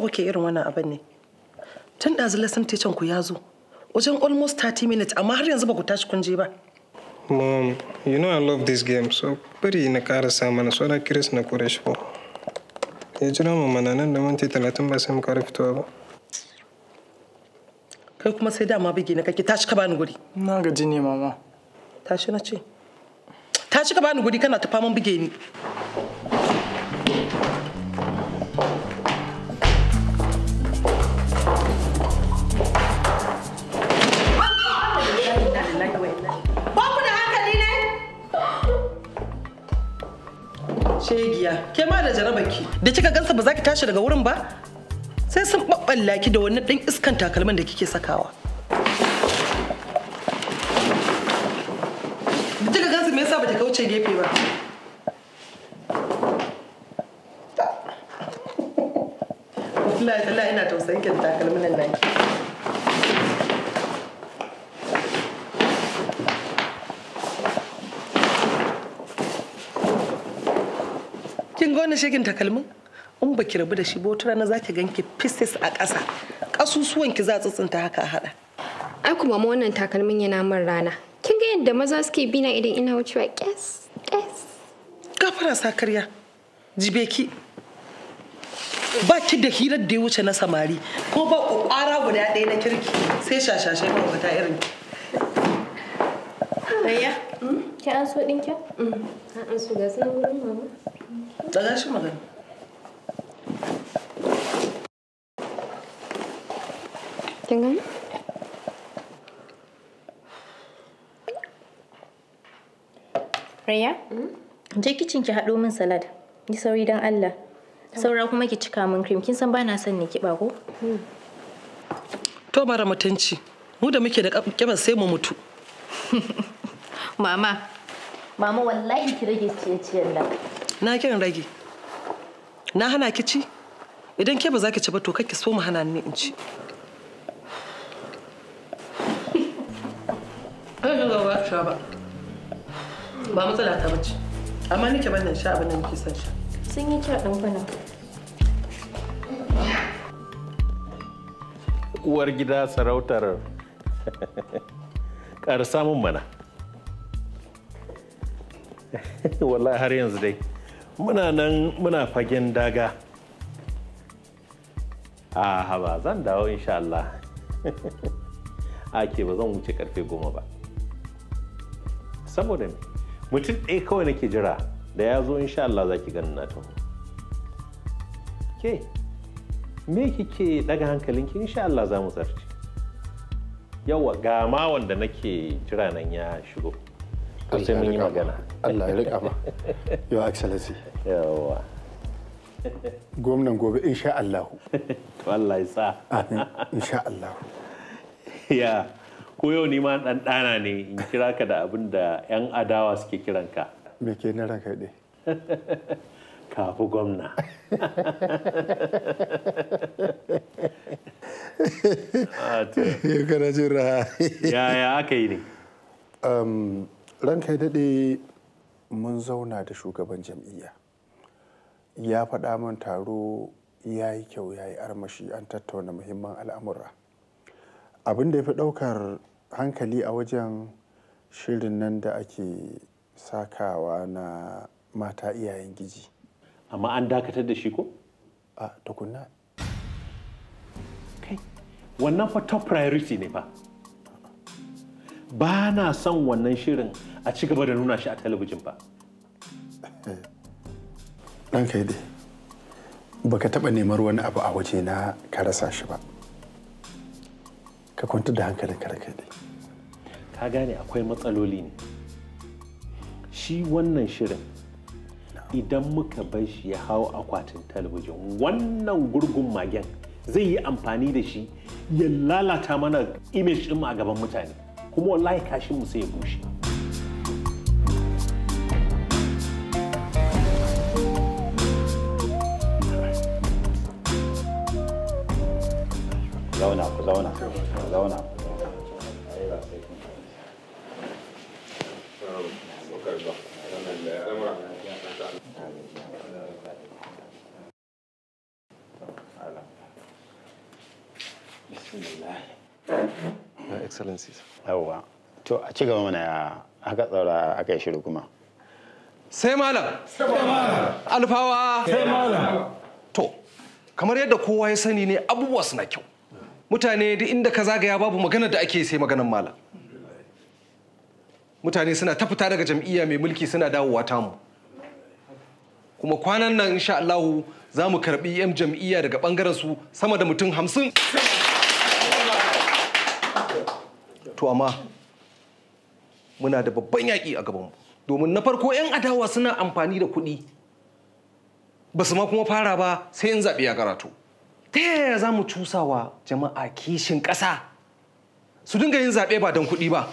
kuke irin wannan abin ne tun ɗazu lesson teacher ku ya zo wajen almost 30 minutes amma har yanzu ba ku tashi kun je ba mom you know i love this game so bari na karasa mana so na kiris na kore shi ba ya jira mama na nan da minti 30 ba sai mu kare fitowa ba kai kuma sai dama bige na kake tashi ka bani guri na gaji ne mama tashi na ce tashi ka bani guri kana ta faman bige ni giya ke ma da ki Da kika gansa ba za ki tashi daga wurin ba? Sai sun ɓaɓɓalla ki da wannan ɗan iskan takalmin da kike sakawa. Da kika gansa me yasa ba ta kauce gefe ba? Wallahi ina tausayin takalmin nan naki. wannan shekin takalmin in baki rabu da shi ba wata rana zaki ganki pieces a ƙasa ƙasusuwan ki za tsinta haka a hada ai kuma ma wannan takalmin yana min rana kin ga yadda maza suke bina idan ina wucewa kes kes gafara sakarya jibeki ba ki da hirar da ya wuce na samari ko ba ƙwara guda ɗaya na kirki sai shashashe ba wata irin Raya, ki hmm? an so ɗinkin? Mm. An so ga sanar wurin mama. Daga shi magana. Kin gani? Raya? Mhm. Je kicin ki haɗo min salad. Ni sauri dan Allah. Saura kuma ki cika min cream. Kin san ba na son ne kiba ko? Hmm. To mara mutunci. Mu da muke da kiba sai mu mutu. Mama. Mama wallahi ki rage ciye-ciyen nan. na kin rage na hana ki ci idan ke ba za ki ci ba to kake so mu hana ni in ci ba matsala ta bace amma nake ban nan sha abin da nake son sha sun yi dan uwar gida sarautar ƙar mana wallahi har yanzu dai muna nan muna fagen daga a haba zan dawo insha Allah ake ba zan wuce karfe goma ba saboda mutum ɗaya kawai nake jira da ya zo insha Allah za ki gani na taho ke me kike daga hankalinki insha Allah za mu zarci yawa ga ma wanda nake jira nan ya shigo sai mun yi magana Allah ya riƙa ma your excellency yawa gwamnan gobe insha Allahu to Allah ya sa insha Allahu ya ko yau ni ma dan dana ne in kira ka da abin da yan adawa suke kiran ka me ke na ranka dai kafu gwamna yau yaya aka yi ne ranka daɗe mun zauna da shugaban jam'iyya ya faɗa min taro ya yi kyau ya yi armashi an tattauna muhimman al'amura abin da ya fi ɗaukar hankali a wajen shirin nan da ake sakawa na mata iyayen giji amma an dakatar da shi ko? a tukunna kai wannan fa top priority ne fa ba na son wannan shirin a ci gaba da nuna shi a talabijin ba ɗan kai dai baka taɓa nemar wani abu a waje na ka rasa shi ba ka kwanta da hankalin ka kai dai ka gane akwai matsaloli ne shi wannan shirin idan muka bar shi ya hau akwatin talabijin wannan gurgun magen zai yi amfani da shi ya lalata mana image mu a gaban mutane kuma wallahi kashin mu sai ya bushe. zauna ku zauna ku zauna excellencies to a ci gaba mana aka tsaura aka yi shiru kuma sai malam alfawa sai malam to kamar yadda kowa ya sani ne abubuwa suna kyau mutane duk inda ka zagaya babu magana da ake sai maganan malam mutane suna ta fita daga jam'iyya mai mulki suna dawowa tamu kuma kwanan nan insha Allahu za mu karbi yan jam'iyya daga bangaren su sama da mutum hamsin to amma muna da babban yaki a gabanmu domin na farko 'yan adawa suna amfani da kuɗi ba su ma kuma fara ba sai in zaɓe ya karatu ta yaya za mu cusa wa jama'a kishin ƙasa su dinga yin zaɓe ba don kuɗi ba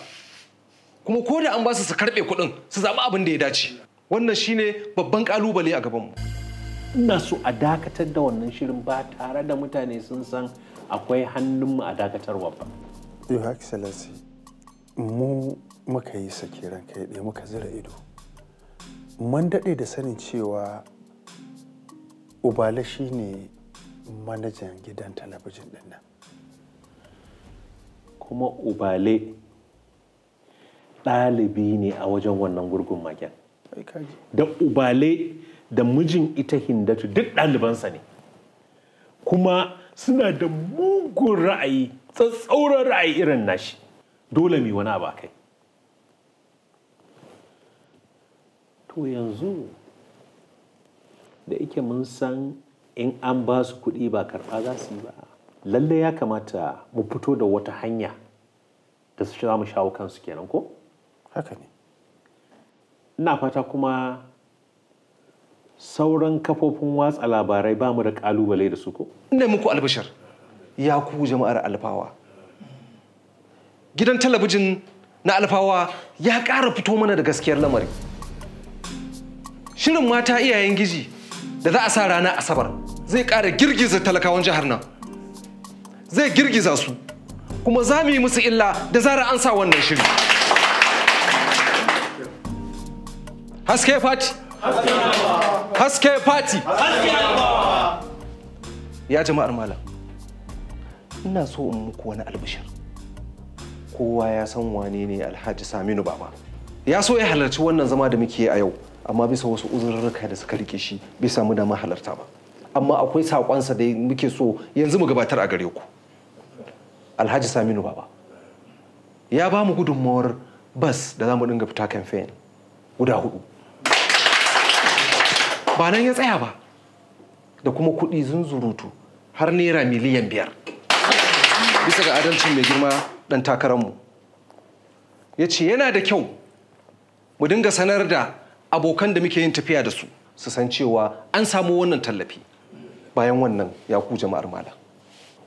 kuma ko da an ba su su karɓe kuɗin su zaɓi abin da ya dace wannan shine babban ƙalubale a gabanmu ina so a dakatar da wannan shirin ba tare da mutane sun san akwai hannunmu a dakatarwa ba your excellency mu muka yi sakiran kai ɗaya muka zira ido mun daɗe da sanin cewa ubala shine manajan gidan talabijin din nan kuma ubale ɗalibi ne a wajen wannan gurgun maken da ubale da mijin ita hindatu duk ɗalibansa ne kuma suna da mugun ra'ayi tsatsauran ra'ayi irin nashi dole mi wani ba kai to yanzu da ike mun san in an ba su kuɗi ba karɓa za su yi ba lalle ya kamata mu fito da wata hanya da su za mu shawo kansu kenan ko haka ne ina fata kuma sauran kafofin watsa labarai ba mu da ƙalubale da su ko ina muku albashar ya ku jama'ar alfawa gidan talabijin na alfawa ya ƙara fito mana da gaskiyar lamari shirin mata iyayen giji? da za a sa rana asabar zai ƙara girgiza talakawan jihar nan zai girgiza su kuma za mu yi musu illa da zara an sa wannan shiri haske fati haske fati ya jama'ar malam ina so in muku wani albishir kowa ya san wane ne alhaji saminu baba ya so ya halarci wannan zama da muke a yau amma bisa wasu uzurruka da suka rike shi bai samu dama halarta ba amma akwai sakonsa da muke so yanzu mu gabatar a gare ku alhaji saminu baba ya ba mu gudunmawar bas da za mu dinga fita kamfen guda hudu ba nan ya tsaya ba da kuma kuɗi zunzurutu har naira miliyan biyar bisa ga adalcin mai girma ɗan takararmu ya ce yana da kyau mu dinga sanar da abokan da muke yin tafiya da su su san cewa an samu wannan tallafi bayan wannan ya ku jama'ar malam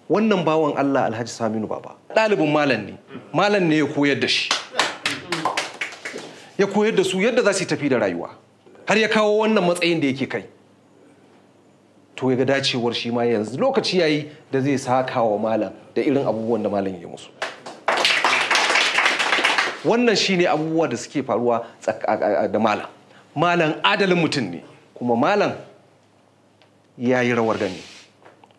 wannan bawan Allah Alhaji Saminu Baba ɗalibin malam ne malam ne ya koyar da shi ya koyar da su yadda za su tafi da rayuwa har ya kawo wannan matsayin da yake kai to ya ga dacewar shi ma yanzu lokaci yayi da zai saka wa malam da irin abubuwan da malam ya musu wannan shine abubuwa da suke faruwa da malam malan adalin mutum ne kuma malan ya yi rawar gani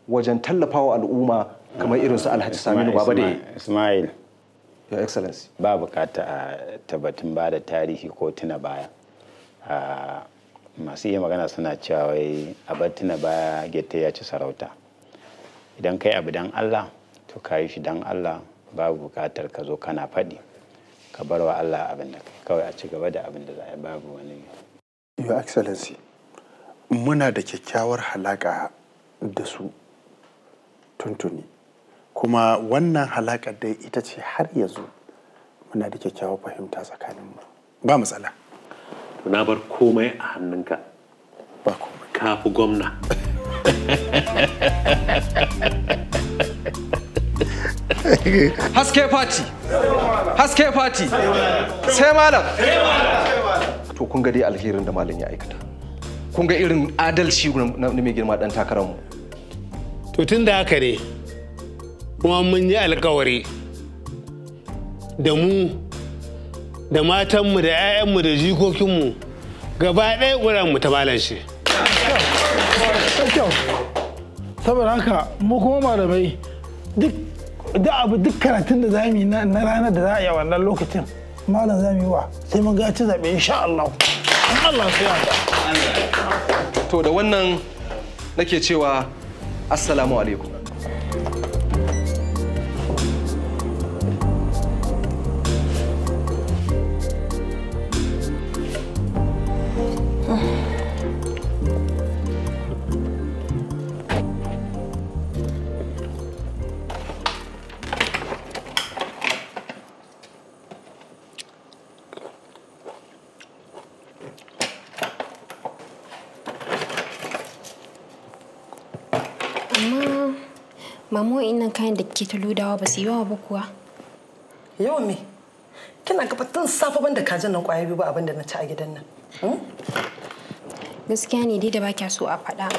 wajen tallafawa al'umma kamar irin su alhaji saminu baba da ismail your excellency ba bukata a tabbatin ba da tarihi ko tuna baya masu iya magana suna cewa wai bar tuna baya gete ya ci sarauta idan kai abu dan allah to ka yi shi dan allah babu bukatar ka zo kana faɗi ka bar wa Allah abin da kawai a ci gaba da abin da za a babu wani your excellency muna da kyakkyawar halaka da su tuntuni kuma wannan halakar dai ita ce har yanzu muna da kyakkyawar fahimta tsakaninmu ba matsala na bar komai a hannunka ba komai kafi gwamna haske party haske party sai malam to kun ga dai alherin da malam ya aikata kun ga irin adalci na mai girma dan takarar mu to tun da haka ne kuma mun yi alkawari da mu da matanmu da 'ya'yanmu da jikokinmu gaba ɗaya ƙuran mu ta malam shi saboda haka mu kuma malamai duk da abu duk karatun da za mu yi na ranar da za a yi wannan lokacin malam za mu yi wa sai mun ga ci zaɓe insha Allah Allah su to da wannan nake cewa assalamu alaikum wa'innan kayan da kike ta lodawa ba su yi yawa ba kuwa. Yawa me? Kina gaba tun safe ban da kajin nan kwaya biyu ba abin da na ci a gidan nan. Hmm? Gaskiya ne dai da ba kya so a fada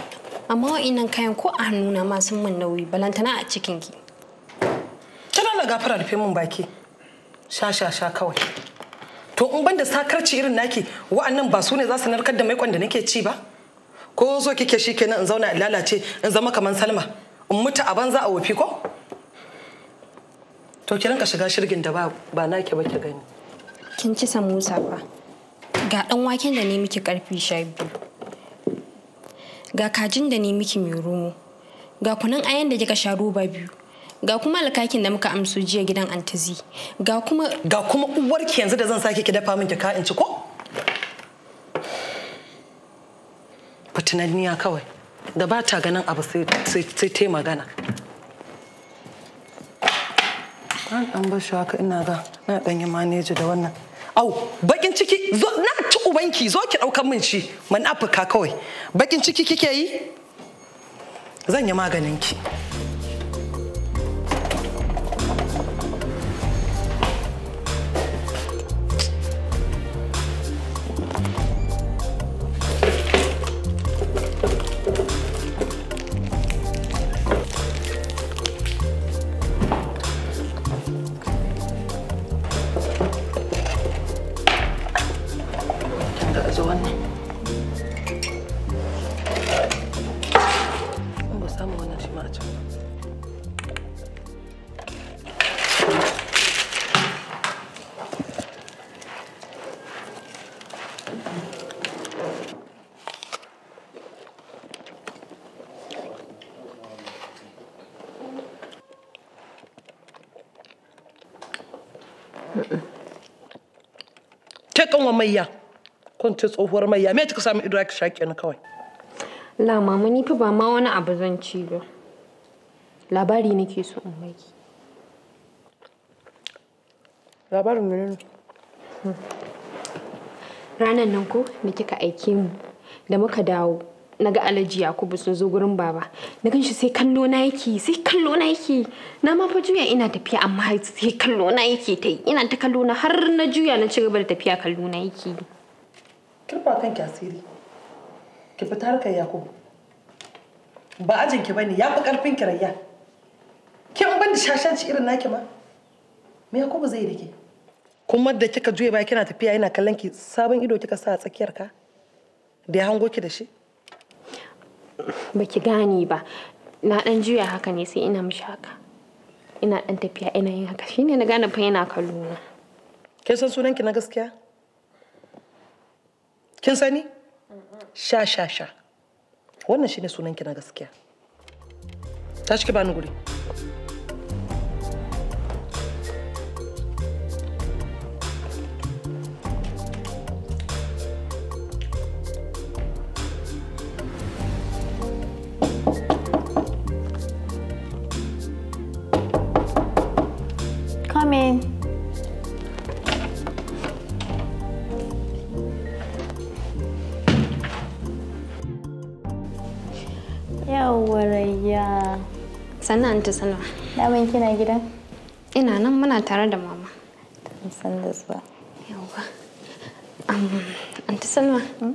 Amma wa'innan kayan ko a na ma sun min nauyi balantana a cikin ki. Kina na gafara rufe min baki. Sha sha sha kawai. To in banda da sakarci irin naki wa'annan ba su ne za su narkar da maikon da nake ci ba? Ko zo kike shi kenan in zauna in lalace in zama kamar Salma. in mutu a banza a wofi ko to ki ka shiga shirgin da ba ba naki ba ki gani kin ci samusa fa ga dan waken da ne miki karfi sha biyu ga kajin da ne miki mai romo ga kunan ayan da kika sha roba biyu ga kuma alkakin da muka amsu jiya gidan antizi ga kuma ga kuma uwarki yanzu da zan sake ki dafa min ki ka in ci ko kawai da ba ta ganin abu sai ta magana Ɗan ɗan bar haka ina ga na ɗan yi maneji da wannan au bakin ciki zo na ci ubanki zo ki ɗaukan min shi man afuka kawai bakin ciki kike yi zan yi maganin ki kyanwa mayya kwance tsohuwar mayya me kika samu ido ki shaƙe ni kawai la mama ni fa ba ma wani abu zan ci ba labari nake so in baki labarin menene ranan nan ko da kika aike mu da muka dawo na ga alhaji yakubu sun zo gurin baba na gan shi sai kallo na yake sai kallo na yake na ma fa juya ina tafiya amma sai kallo na yake ta ina ta kallo na har na juya na cigaba da tafiya kallo na yake kirfa kan asiri ki fita ya yakubu ba ajin ki bane ya fi karfin ki rayya ki ban da shashanci irin naki ma me yakubu zai rike kuma da kika juya ba kina tafiya ina kallon ki sabon ido kika sa a tsakiyar ka da ya hango ki da shi baki gane ba na dan juya haka ne sai ina mishi haka ina dan tafiya ina yin haka shine na gane fa yana kallo na kin san sunan ki na gaskiya kin sani sha sha sha wannan shine sunan ki na gaskiya tashi ki bani guri Anti Salma. Daman kina gidan? Ina nan muna tare da mama. San da zuwa. Yawwa. Anti Salma. Hmm?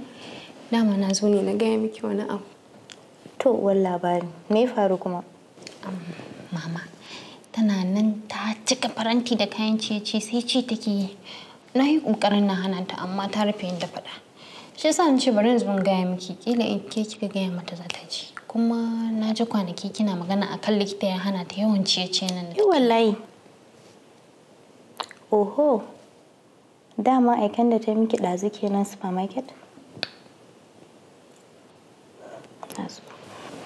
Dama na zo ne na gaya miki wani abu. To wani labari. Me ya faru kuma? Mama. Tana nan ta cika faranti da kayan ciye-ciye sai ci take yi. Na yi ƙoƙarin na hana ta amma ta rufe yadda faɗa. Shi yasa ni ce bari yanzu mun gaya miki kila in ke kika gaya mata za ta ji. kuma na ji kwanaki kina magana a kan likita ya hana ta yawan ciye-ciye nan da wallahi oho dama aikan da ta miki ɗazu kenan supermarket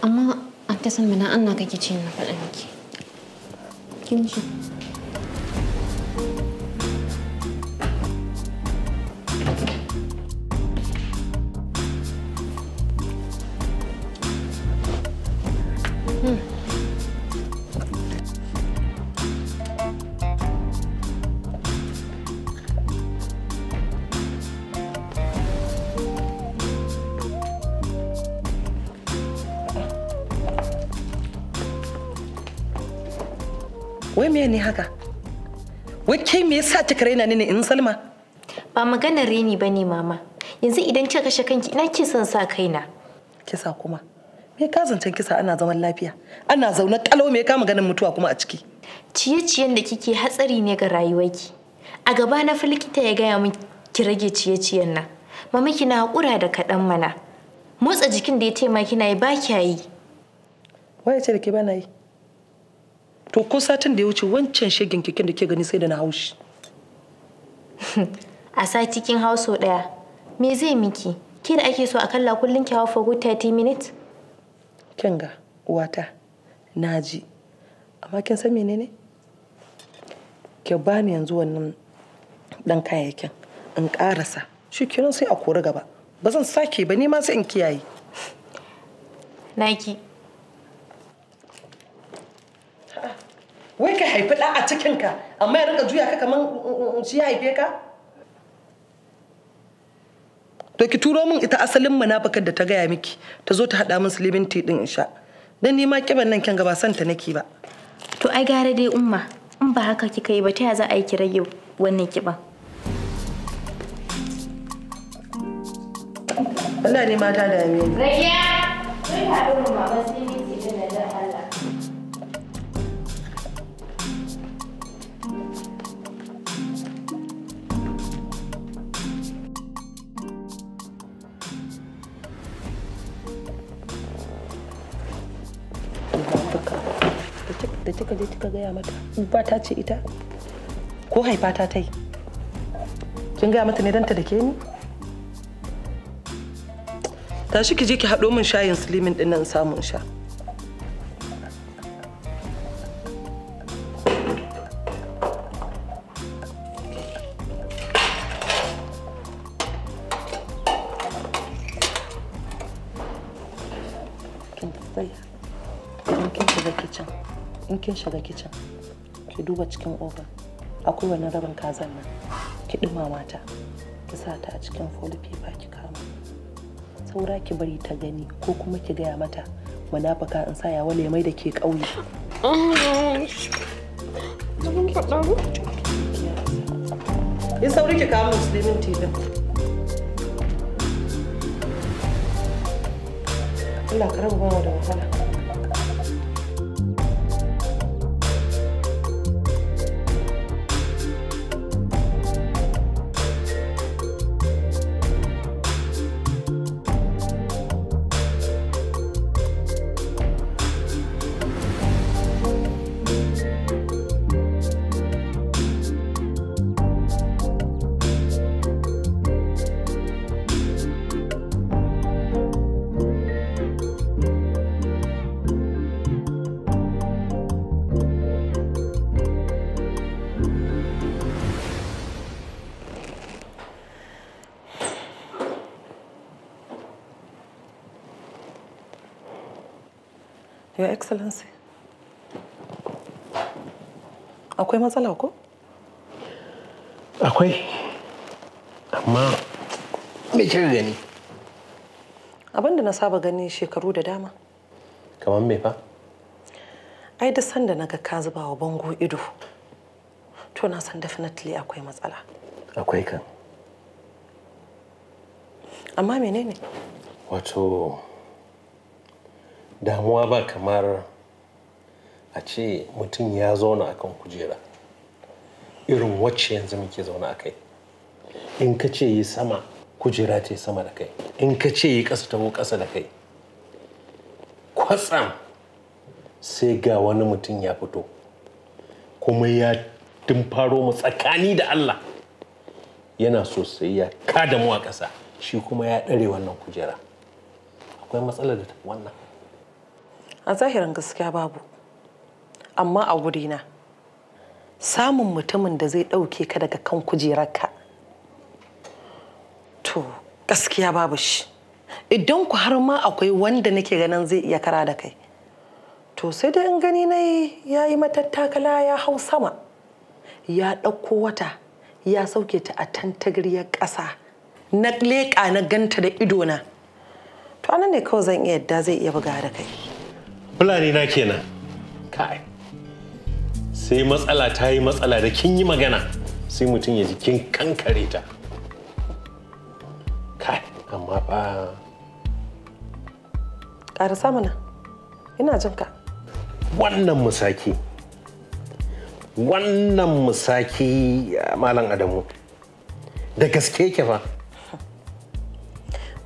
amma a ta san an na kake ce na faɗa miki kin ji wai me ne haka wai ke me yasa kika raina ni ne in salma ba maganar reni bane mama yanzu idan kika kashe kanki ina ke son sa kaina kisa kuma me ka zancen kisa ana zaman lafiya ana zaune kalau me ka maganin mutuwa kuma a ciki ciye-ciyen da kike hatsari ne ga rayuwarki a gaba na fi likita ya gaya min ki rage ciye-ciyen nan mama kina hakura da kaɗan mana motsa jikin da ya taimaki na yi ba kya yi waye ce da ke bana yi to ko satin da ya wuce wancan shegin keken da ke gani sai da na haushi a sati kin hauso daya me zai miki ke da ake so a kalla kullun ki hau for good 30 minutes kin ga uwata naji amma kin san menene ki bani yanzu wannan dan kayayyakin in karasa shi kiran sai a kori gaba ba zan sake ba ni ma sai in kiyaye naki wai ka haifi ɗa a cikinka amma ya rika juya ka kamar mm, mm, mm, shi ya haife ka to ki turo min ita asalin manafakar da ta gaya miki ta zo ta haɗa min sleeping tea din insha dan ni ma kiban nan kyan ga ba santa nake ba to ai gara dai umma in ba haka kika yi ba ta ya za a yi ki rage wannan kiban Allah ne mata da me. Rakiya, kai ka dole mama sai da kika je kika gaya mata ba ta ce ita ko haifa ta ta kin gaya mata ne danta da ke ni tashi ki je ki haɗo min shayin slimin ɗin nan samun sha duba cikin oven akwai wani rabin kazan nan ki dumama ta ki sa ta a cikin foil paper ki kama saura ki bari ta gani ko kuma ki gaya mata munafuka in sa ya wale mai da ke kauye sauri ki kawo Allah ka rabu da wahala excellency akwai matsala ko? akwai amma me kika gani abin da na saba gani shekaru da dama kamar me fa ai da sanda naga ka zuba wa bango ido to na san definitely akwai matsala akwai kan amma menene wato damuwa ba kamar a ce mutum ya zauna a kan kujera irin wacce yanzu muke zauna a kai in ka ce yi sama kujera ce sama da kai in ka ce yi ƙasa taho ƙasa da kai kwatsam sai ga wani mutum ya fito kuma ya faro mu tsakani da Allah yana sosai ya kada mu a ƙasa shi kuma ya ɗare wannan kujera akwai matsalar da wannan a zahirin gaskiya babu amma a na samun mutumin da zai ɗauke ka daga kan kujerarka to gaskiya babu shi idan ku har ma akwai wanda nake ganin zai iya kara da kai to sai da in gani na ya yi matattakala ya hau sama ya ɗauko wata ya sauke ta a tantagariyar ƙasa na leƙa na ganta da idona to anan ne kawai zan iya yadda zai iya buga da kai fulani na kenan kai sai matsala ta yi matsala da kin yi magana sai mutum ya ji kankare ta kai amma fa ƙarasa mana ina jin ka wannan musaki wannan musaki malam adamu da gaske ke fa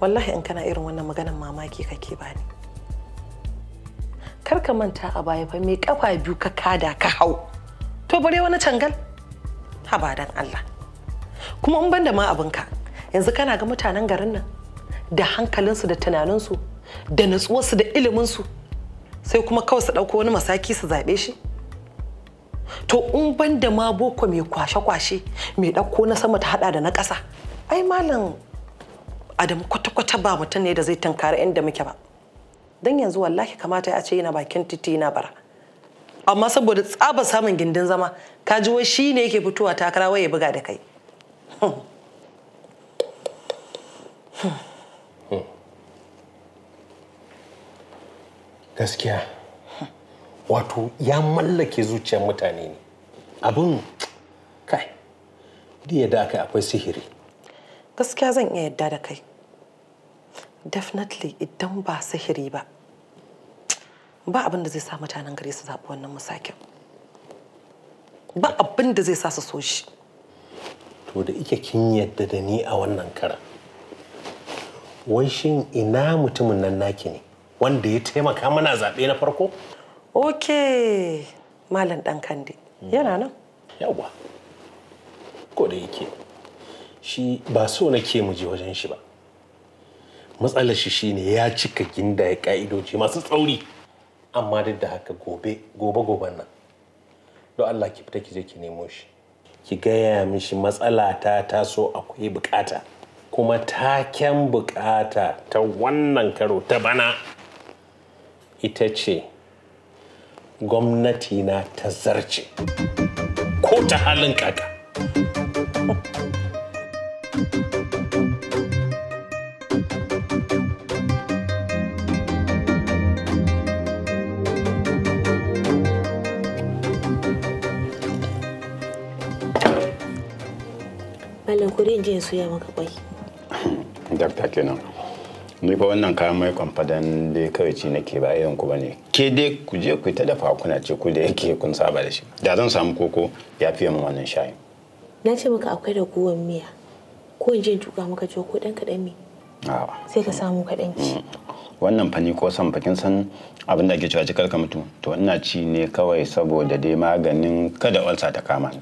wallahi in kana irin wannan maganan mamaki kake bani kar ka manta a baya fa mai kafa biyu ka kada ka hau to bare wani cangal dan Allah kuma in banda ma abinka yanzu kana ga mutanen garin nan da hankalinsu da tunaninsu da natsuwarsu da iliminsu sai kuma kawai su ɗauko wani masaki su zaɓe shi to in banda ma boko mai kwashe-kwashe mai ɗauko na sama ta haɗa da na ƙasa ai malam adam kwata-kwata ba mutum ne da zai tunkari inda muke ba dan yanzu wallahi kamata ya ce yana bakin titi na bara amma saboda tsaba samun gindin zama ka ji wai shine yake fitowa takara wai ya buga da kai gaskiya wato ya mallake zuciyar mutane ne abin kai da yadda aka akwai sihiri gaskiya zan iya yadda da kai definitely idan ba sihiri ba ba abin da zai sa mutanen gari su zaɓi wannan musakin ba abin da zai sa su so shi to da ike kin yadda da ni a wannan karan wai shin ina mutumin nan naki ne wanda ya taimaka mana zaɓe na farko ok malam dan kande hmm. yana nan yawa ko da yake shi ba so nake mu je wajen shi ba matsalar shi shine ya cika ginda ya ka'idoji masu tsauri amma duk da haka gobe gobe goben nan don Allah ki fita ki je ki nemo shi ki gaya mishi matsala ta taso akwai bukata kuma taken bukata ta wannan karo ta bana ita ce gwamnati na ta zarce ko ta halin kaka malam kuri in je in soya maka kwai dakta kenan ni fa wannan kayan mai kwamfadan dai kawai ci nake ba yan ku bane ke dai ku je ku ta dafa kuna ce ku da yake kun saba da shi da zan samu koko ya fiye min wannan shayi na ce maka akwai da raguwar miya ko in je in tuka maka ko dan kaɗan ne sai ka samu kaɗan ci mm. wannan fani ko san fakin san abin da ake cewa jikar ka mutu to ina ci ne kawai saboda dai maganin kada olsa ta kama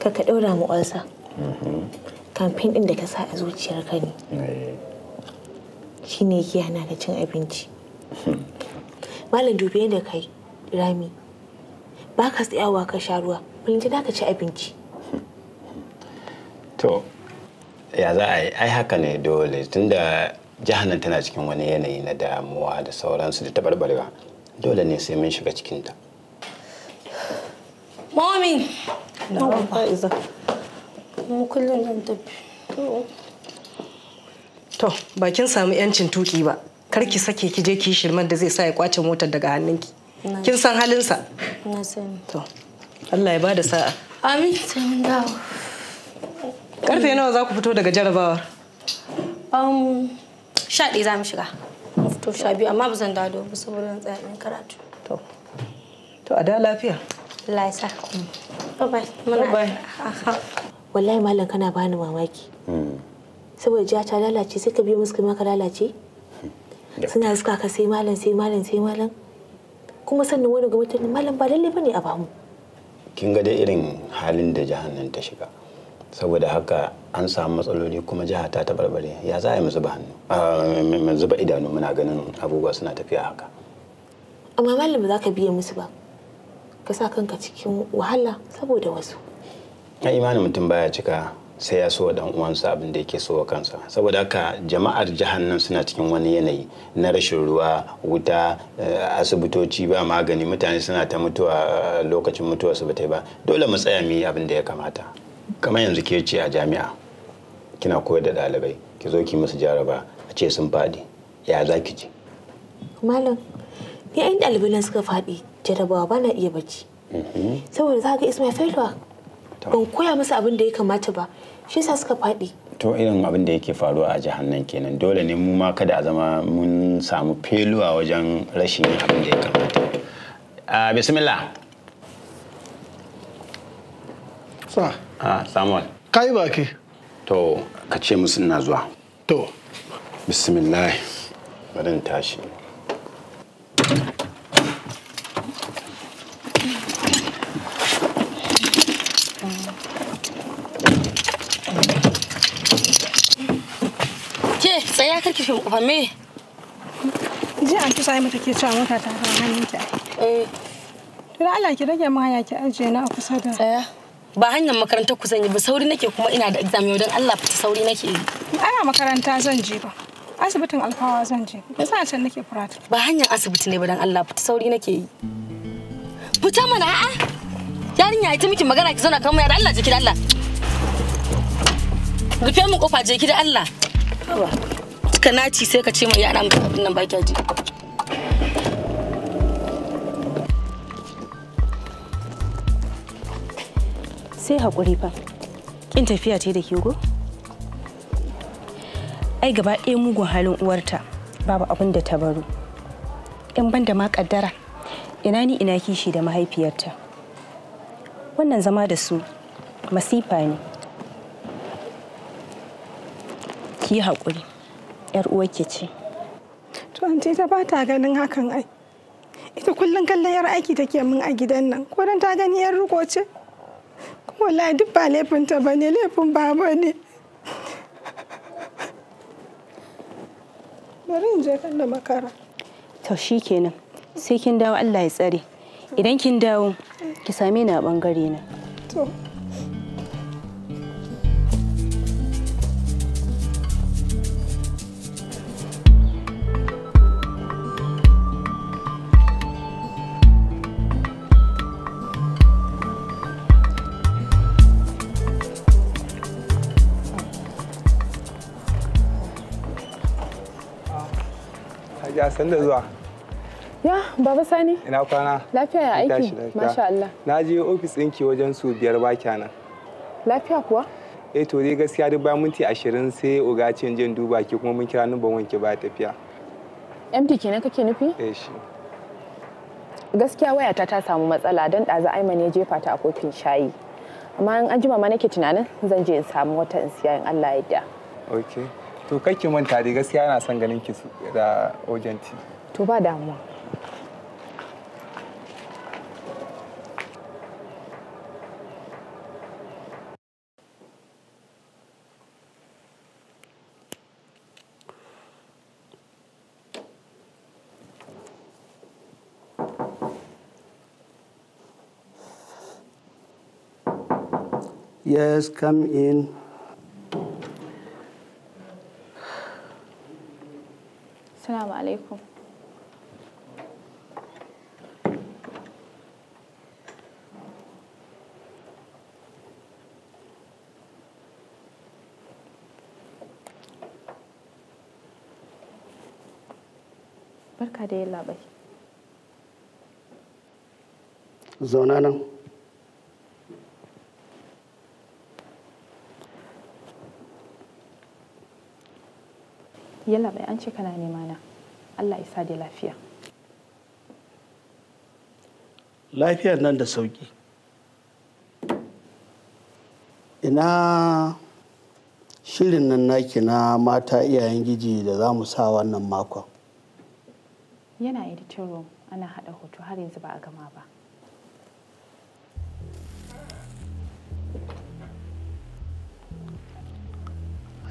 ka ka daura mu olsa kamfen ɗin da ka sa a zuciyar ka ne eh. shine ne yake hana ka cin abinci malam dubi yadda kai rami ba ka tsayawa ka sha ruwa kullum da ka ci abinci to ya za a yi ai haka ne dole tunda jihannan tana cikin wani yanayi na damuwa da sauransu da tabarbarewa dole ne sai mun shiga cikinta Mommy! kuma kullum zan tafi to ba kin samu yancin tuki ba kar ki sake ki je ki shirman da zai sa ya kwace motar daga hannunki kin san halinsa na san. to Allah ya bada sa'a amin sai dawo karfe nawa za ku fito daga jarabawar um sha ɗaya za mu shiga mu fito sha biyu amma ba zan dawo ba saboda zan tsaya ɗan karatu to to a da lafiya Allah ya sa bye bye bye bye wallahi malam kana bani mamaki hmm. saboda jiya ta lalace sai ka biyo musu kuma ka lalace suna suka ka sai malam sai malam sai malam kuma sannan wani gwamnati malam ba lalle bane a ba mu. kin ga dai irin halin da jihar nan ta shiga saboda haka an samu matsaloli kuma jiha ta tabarbare ya za a yi mu zuba hannu ah, mu zuba idanu muna ganin abubuwa suna tafiya haka amma malam ba za ka biya musu ba ka sa kanka cikin wahala saboda wasu na imanin mutum baya cika sai ya so dan uwansa abin da yake so kansa saboda haka jama'ar jihar nan suna cikin wani yanayi na rashin ruwa wuta eh, asibitoci ba magani mutane suna ta mutuwa eh, lokacin mutuwa su bata ba dole mu tsaya mu abin da ya kamata kamar yanzu ke ce a jami'a kina koyar da ɗalibai ki zo ki musu jaraba a ce sun faɗi ya za ki ji malam ni ɗalibai nan suka faɗi jarabawa ba na iya bacci mm-hmm. saboda za ka ismail failwa ban koya musu abin da ya kamata ba shi sa suka faɗi to irin abin da yake faruwa a jihar nan kenan dole ne mu ma kada a zama mun samu feluwa wajen rashin abin da ya kamata a bismillah sa a samuel kai ba ke to ka ce musu ina zuwa to bismillah bari tashi ki take shinkufa me? Ji an kisa mata ke cewa mota ta kawo hannunta. Eh. Tuna Allah ki rage mu haya ki ajiye na a kusa da. Tsaya. Eh. Ba hanyar makarantar ku zanyi ba sauri nake kuma ina da exam yau don Allah fita sauri nake yi. Ana makaranta zan je ba. Asibitin alfawa zan je. ba sa can nake furata. Ba hanyar asibiti ne ba don Allah fita sauri nake yi. Fita mana a'a. Yarinya ita miki magana ki zauna kan mu da Allah jiki da Allah. Rufe mu kofa je ki da Allah. ka naci sai ka ce mai yara mutu abin nan ba ji sai haƙuri fa kin tafiya ce da ke go ai gaba ɗaya mugun halin uwarta babu abin da ta baro in ban da ma ƙaddara ina ni ina kishi da mahaifiyarta wannan zama da su masifa ne ki hakuri. yar uwarki ce to an ta ba ganin hakan ai ita kullum kallon yar aiki take min a gidan nan ko dan ta gani yar riko ce kuma wallahi duk ba laifin ta bane laifin ba ne bari in je kan makara to kenan, sai kin dawo Allah ya tsare idan kin dawo ki same ni a bangare na to ya sanda zuwa. Ya, Baba Sani. Ina kwana. Lafiya ya aiki. Masha Allah. Na je ofis ɗinki wajen su biyar ba kenan. Lafiya kuwa? Eh to dai gaskiya duk bayan minti ashirin sai uga cin jin duba ki kuma mun kira numban wanke ba tafiya. MD kenan kake nufi? Eh shi. Gaskiya wayata ta samu matsala don ɗazu aima ya jefa ta a kofin shayi. Amma an jima ma nake tunanin zan je in samu wata in siya in Allah ya yarda. Okay. to kake manta dai gaskiya ana son ganin ki da ojenti to ba damuwa Yes, come in. alaikum barka da yin labai zauna nan yalla bai an ce kana nemana na Allah isa da lafiya lafiyar nan da sauki ina shirin nan naki na mata iyayen giji da za mu sa wannan makon yana editor room ana haɗa hoto har yanzu ba a gama ba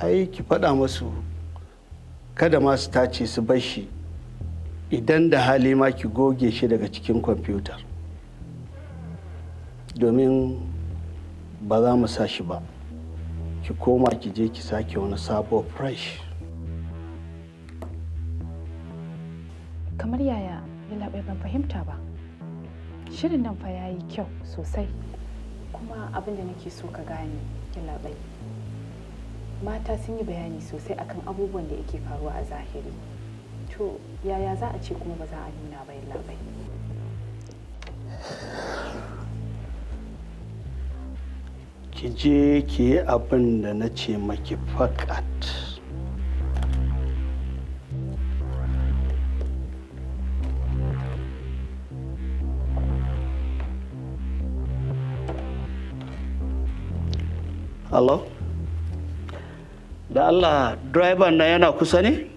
ai ki faɗa masu kada ma su tace su bar shi idan da hali ma ki goge shi daga cikin kwamfutar domin ba za mu sa shi ba ki koma ki je ki sake wani sabo fresh kamar yaya ya ban fahimta ba shirin nan fa yayi kyau sosai kuma abin da nake so ka gane ya mata sun yi bayani sosai akan abubuwan da yake faruwa a zahiri to yaya za a ce kuma ba za a nuna ba labai ki je ki yi abin da na ce maki fakat Hello? da allah direban na yana kusa ne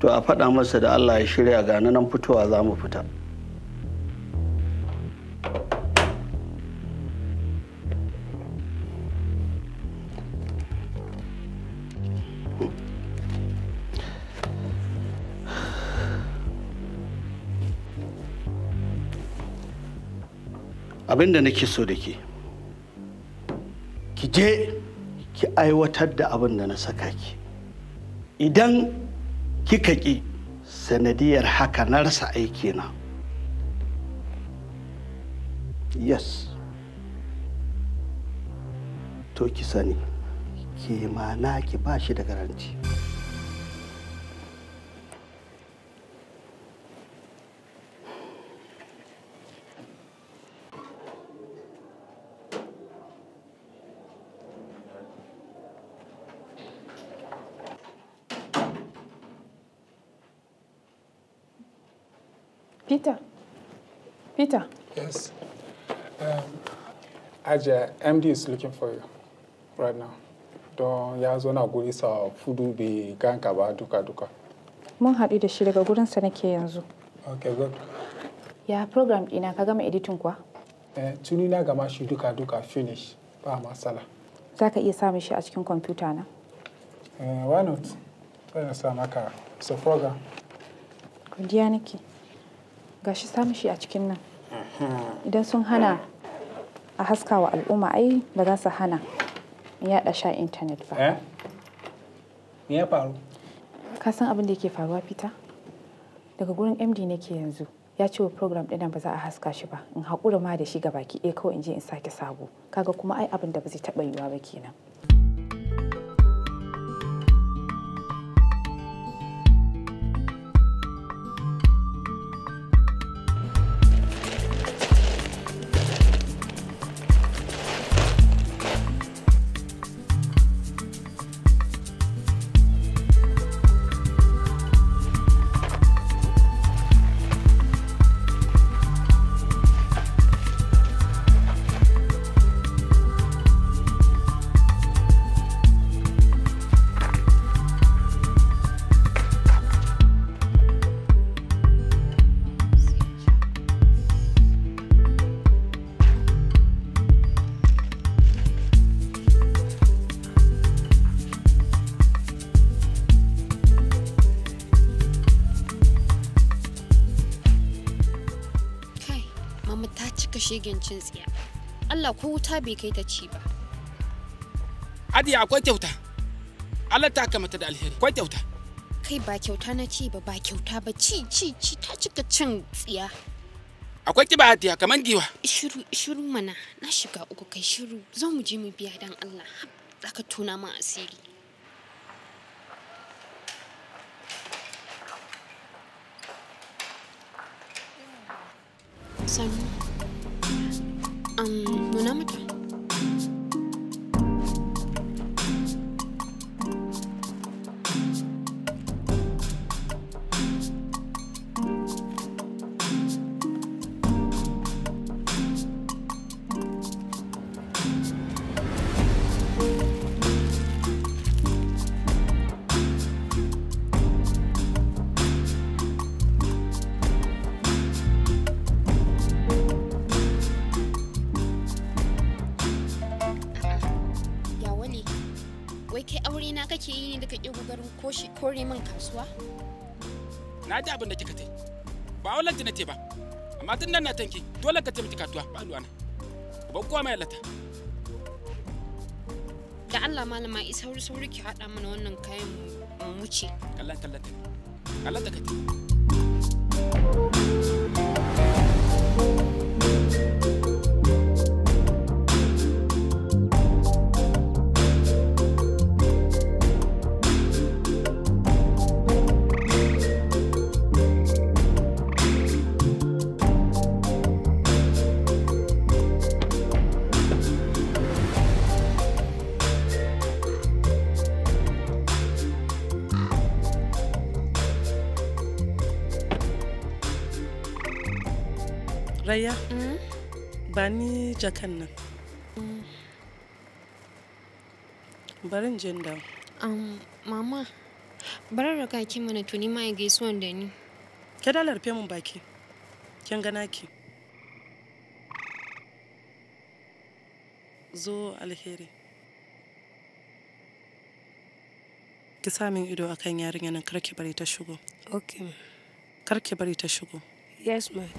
to a faɗa masa da allah ya shirya ga nan fitowa za mu fita abinda nake so da ke ki je ki aiwatar da abin da na saka ki idan kika ƙi sanadiyar haka na rasa aiki na yes to ki sani ke ma na ki ba da garanti ajiye md is looking for you right now don ya zo na guri sa fudu bai ganka ba duka duka mun haɗu da shi daga gurinsa nake yanzu okay good ya program ɗina ka gama editing kuwa eh tuni na gama shi duka duka finish ba matsala za ka iya samun shi a cikin kwamfuta na eh why not zan sa maka so program godiya nake gashi samun shi a cikin nan mhm. idan sun hana a haska wa al'umma ai ba za su hana yaɗa sha intanet ba. Eh? ya faru? Ka san abin da yake faruwa fita? Daga gurin MD nake yanzu. Ya ce wa program ɗin ba za a haska shi ba. In haƙura ma da shi ga baki ɗaya kawai in je in sake sabo. Kaga kuma ai abin da ba zai taɓa yiwuwa ba kenan. shegen cin tsiya Allah ko wuta bai kai ta ci ba Adiya akwai kyauta Allah ta kama ta da alheri akwai kyauta kai ba kyauta na ci ba ba kyauta ba ci ci ci ta cika cin tsiya akwai kiba Adiya kaman giwa shiru shiru mana na shiga uku kai shiru zo mu je mu biya dan Allah zaka tona mu asiri sannu Um, Monometer. kore min kasuwa? Na ji abin da kika tai. Ba walanta na te ba. Amma tun nan na tanki dole ka taimaki katuwa ba luwana. Ba kowa mai lata. Da Allah malama i sauri sauri ki haɗa mana wannan kayan mu wuce. Kallon kallon ta. Kallon ta ka ni jakan nan barin jin da um, mama barar raka ki mana tuni ma gaisuwan da ni ke da larfe mun baki kin gana ki zo alheri ki sa min ido akan yarinya nan karki bari ta shigo okay karki bari ta shigo yes ma'am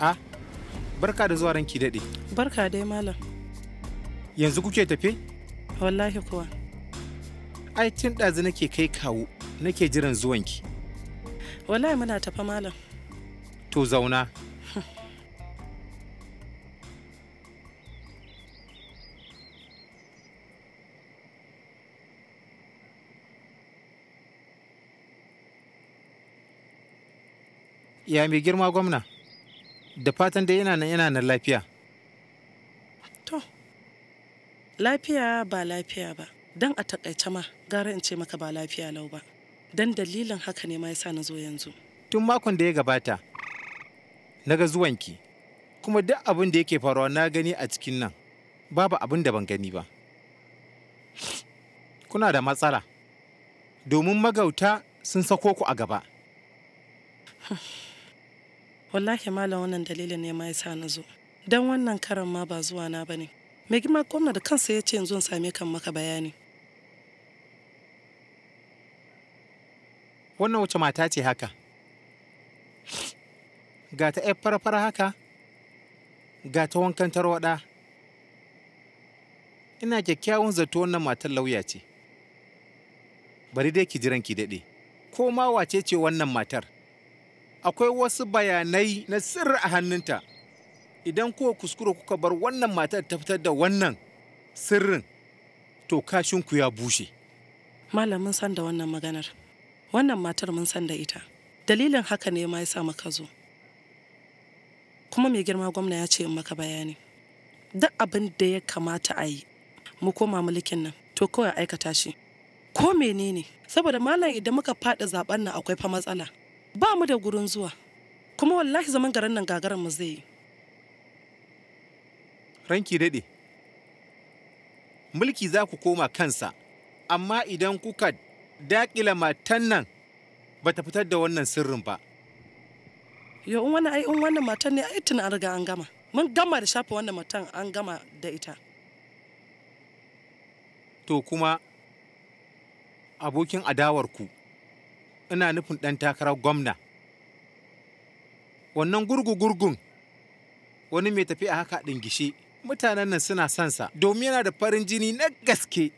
A, barka da zuwa ranki daɗe. Barka dai malam. Yanzu kuke tafe? Wallahi kuwa. Ai tun ɗazu nake kai kawo, nake jiran zuwanki. Wallahi muna tafa malam. To zauna. Ya mai girma gwamna? da fatan da yana nan yana nan lafiya. To, lafiya ba lafiya ba, don a taƙaice ma gara in ce maka ba lafiya lau ba, don dalilin haka ne ma yasa na zo yanzu. Tun makon da ya gabata, na ga zuwanki, kuma duk abin da yake faruwa na gani a cikin nan, babu abin da ban gani ba. Kuna da matsala, domin magauta sun sako ku a gaba. wallahi malam wannan dalilin ne ma ya sa na zo dan wannan karan ma ba zuwa na bane mai gima gwamna da kansa ya ce yanzu in same kan maka bayani wannan wace mata ce haka ga ta yar farfara haka ga ta wankan tarwaɗa ina kyakkyawan zato wannan matar lauya ce bari dai ki jiran ki daɗe ko ma wace ce wannan matar akwai wasu bayanai na sirri a hannunta idan ko kuskure kuka bar wannan matar ta fitar da wannan sirrin to kashinku ya bushe malam mun san da wannan maganar wannan matar mun san da ita dalilin haka ne ma ya sa maka zo kuma mai girma gwamna ya ce in maka bayani duk abin da ya kamata a yi mu koma mulkin nan to kawai aikata shi ko menene saboda malam idan muka faɗi zaben nan akwai fa matsala ba mu da gurin zuwa kuma wallahi zaman garin nan gagarar mu zai yi ranki daɗe mulki za ku koma kansa amma idan kuka daƙila matan nan ba ta fitar da wannan sirrin ba yo in wani in wannan matan ne ai tun an riga an gama mun gama da shafa wannan matan an gama da ita to kuma abokin adawar ku ina nufin ɗan takarar gwamna wannan gurgu-gurgun wani mai tafi a haka ɗin gishi mutanen nan suna sansa sa domin yana da farin jini na gaske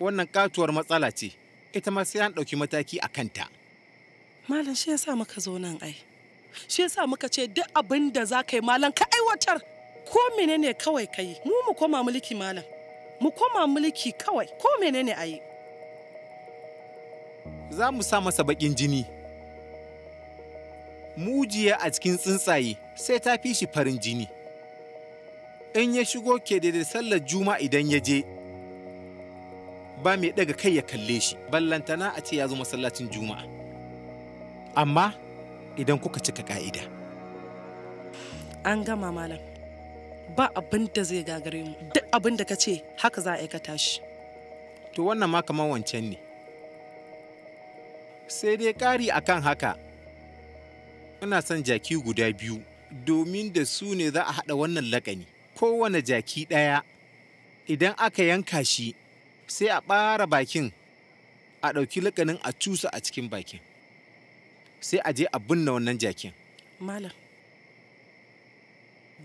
wannan katuwar matsala ce ita ma sai an ɗauki mataki a kanta malam shi yasa muka zo nan ai shi yasa muka ce duk abin da za ka yi malam ka aiwatar ko menene kawai ka yi mu mu koma mulki malam mu koma mulki kawai ko menene a yi za mu sa masa baƙin jini. Mujiya a cikin tsuntsaye sai ta fi shi farin jini. In ya shigo ke da sallar juma idan ya je, ba mai daga kai ya kalle shi, ballantana a ce ya zo masallacin juma'a. Amma idan kuka cika ka'ida. An gama malam, ba abin da zai gagare mu, duk abin da ka ce haka za a aikata shi. To wannan ma kamar wancan ne. sai dai ƙari a kan haka muna son jaki guda biyu domin da su ne za a haɗa wannan laƙani kowane jaki ɗaya idan aka yanka shi sai a ɓara bakin a ɗauki laƙanin a cusa a cikin bakin sai a je a binne wannan jakin malam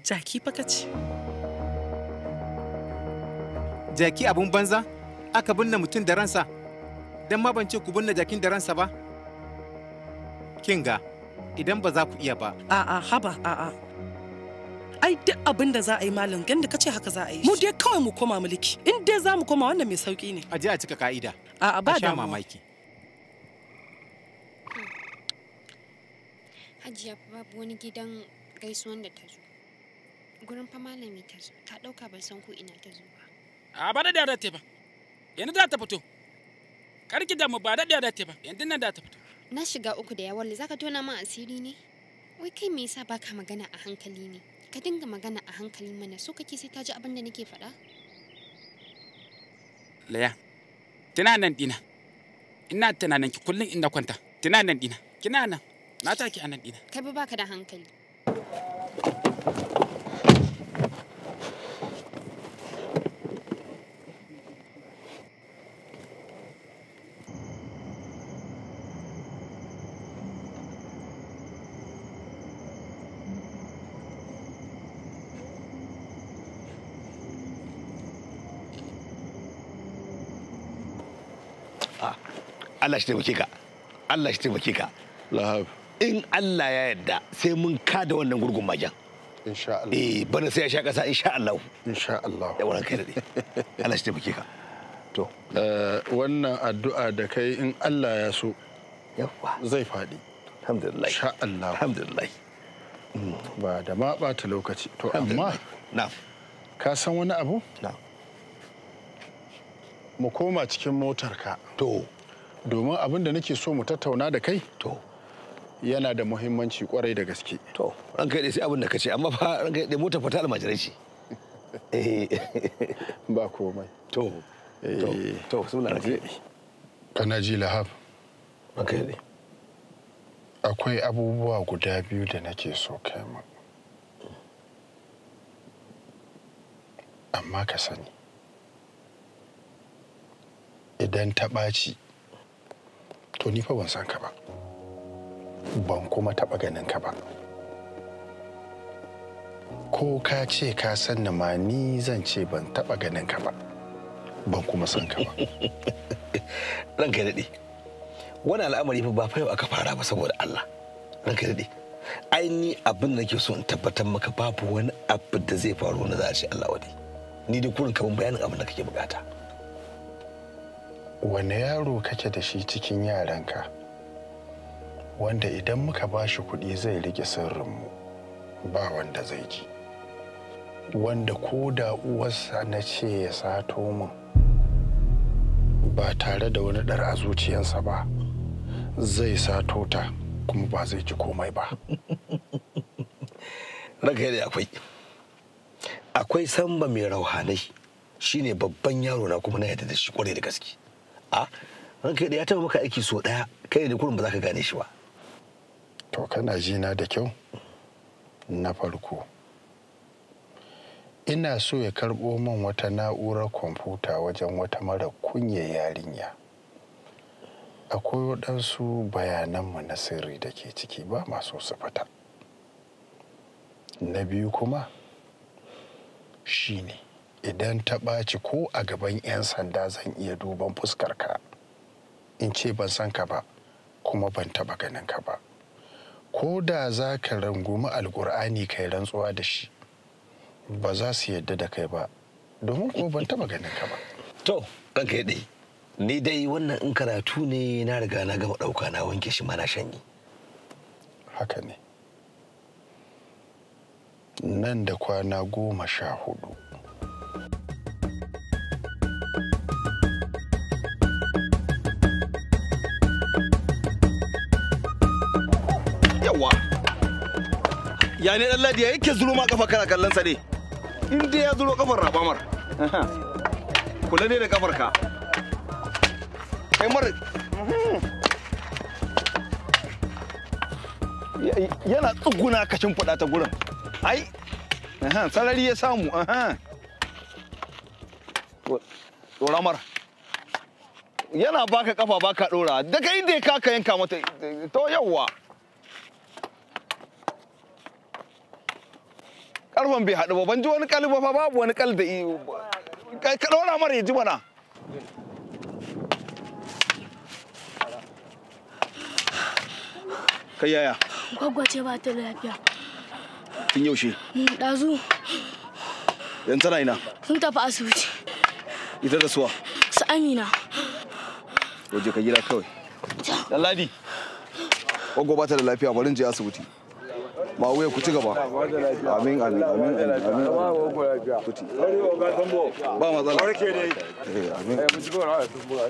jaki fakaci jaki abun banza aka binne mutum da ransa don ma ban ce ku binne jakin da ransa ba kinga idan ba za ku iya ba a'a haba a'a ai duk abin da za a yi malam ganda kace haka za a yi mu dai kawai mu koma mulki in dai za mu koma wannan mai sauki ne a je a cika ka'ida a'a ba da mamaki Hajiya babu wani gidan gaisuwan da ta zo. Gurin fa malami ta zo, ta ɗauka ban san ko ina ta zo ba. A ba da ta ba, yanzu da ta fito. kar ki damu ba daɗe da ta ba yanzu nan da ta fito na shiga uku da yawalli zaka tona ma asiri ne wai kai me yasa baka magana a hankali ne ka dinga magana a hankali mana so kake sai ta ji abin da nake faɗa laya tana nan dina ina tunanin ki kullum inda kwanta tana nan dina kina nan na take a nan dina kai ba baka da hankali Allah shi taimake ka Allah shi taimake ka in Allah ya yadda sai mun ka da wannan gurgun majan insha Allah eh bana sai ya sha kasa insha Allah insha Allah da wannan kai da Allah shi taimake ka to eh, wannan addu'a da kai in Allah ya so yawa zai fadi alhamdulillah insha Allah alhamdulillah ba da ma bata lokaci to amma na ka san wani abu na mu koma cikin motar ka to domin abin da nake so mu tattauna da kai to yana da muhimmanci kwarai da gaske to an kai sai abin da ka ce amma fa an kai mota fata almajirai ce eh. ba komai to eh. to suna rake kana ji lahab an kai akwai abubuwa guda biyu da nake so kai mu amma ka sani idan ta ɓaci to ni fa ban san ka ba ban kuma taɓa ganin ka ba ko ka ce ka san na ma ni zan ce ban taɓa ganin ka ba ban kuma san ka ba ran kai daɗe wani al'amari fa ba fa yau aka fara ba saboda Allah ranka daɗe ai ni abin da nake so in tabbatar maka babu wani abu da zai faru na za a ce Allah wadi ni da kurin kamar bayanin abin da kake bukata wane yaro kake da shi cikin yaranka wanda idan muka ba shi kuɗi zai rike sirrinmu ba wanda zai ji wanda ko da uwarsa na ce ya sato min ba tare da wani ɗar a zuciyarsa ba zai sato ta kuma ba zai ji komai ba raga da akwai akwai samba mai rauhanai shine babban yaro na kuma na yadda da shi kwarai da gaske a ranka da ya taba maka aiki so daya kai ne kurin ba za ka gane shi ba to kana ji na da kyau na farko ina so ya karɓo min wata na'urar kwamfuta wajen wata mara kunya yarinya akwai waɗansu bayananmu na sirri da ke ciki ba masu sufata na biyu kuma shine ne idan ta ɓaci ko a gaban 'yan sanda zan iya duban fuskarka in ce ban san ka ba kuma ban taɓa ganin ka ba ko da za ka rangumi alkur'ani kai rantsuwa da shi ba za su yadda da kai ba domin ko ban taɓa ganin ka ba to kanka ya ni dai wannan in karatu ne na riga na gama ɗauka na wanke shi mana shanyi haka ne nan da kwana goma sha hudu ya ne dan ya yake zuro ma kafa kana kallon sa ne in dai ya zuro kafar rabamar kula ne da kafar ka kai mar yana tsuguna kashin shimfiɗa ta gurin ai sarari ya samu dora mar yana baka kafa baka ɗora daga inda ya kaka yanka mata to yawwa karfan bai haɗu ba ban ji wani kal ba fa babu wani kal da ka ɗora mara ya ji mana kai yaya gwaggwace ba ta lafiya tun yaushe mm, ɗazu yanzu tana ina sun tafi asibiti ita da suwa su amina waje ka gida kawai lalladi gwaggo ba ta da lafiya bari je asibiti ba wuya ku ci gaba amin amin amin amin ba matsala eh, amin eh,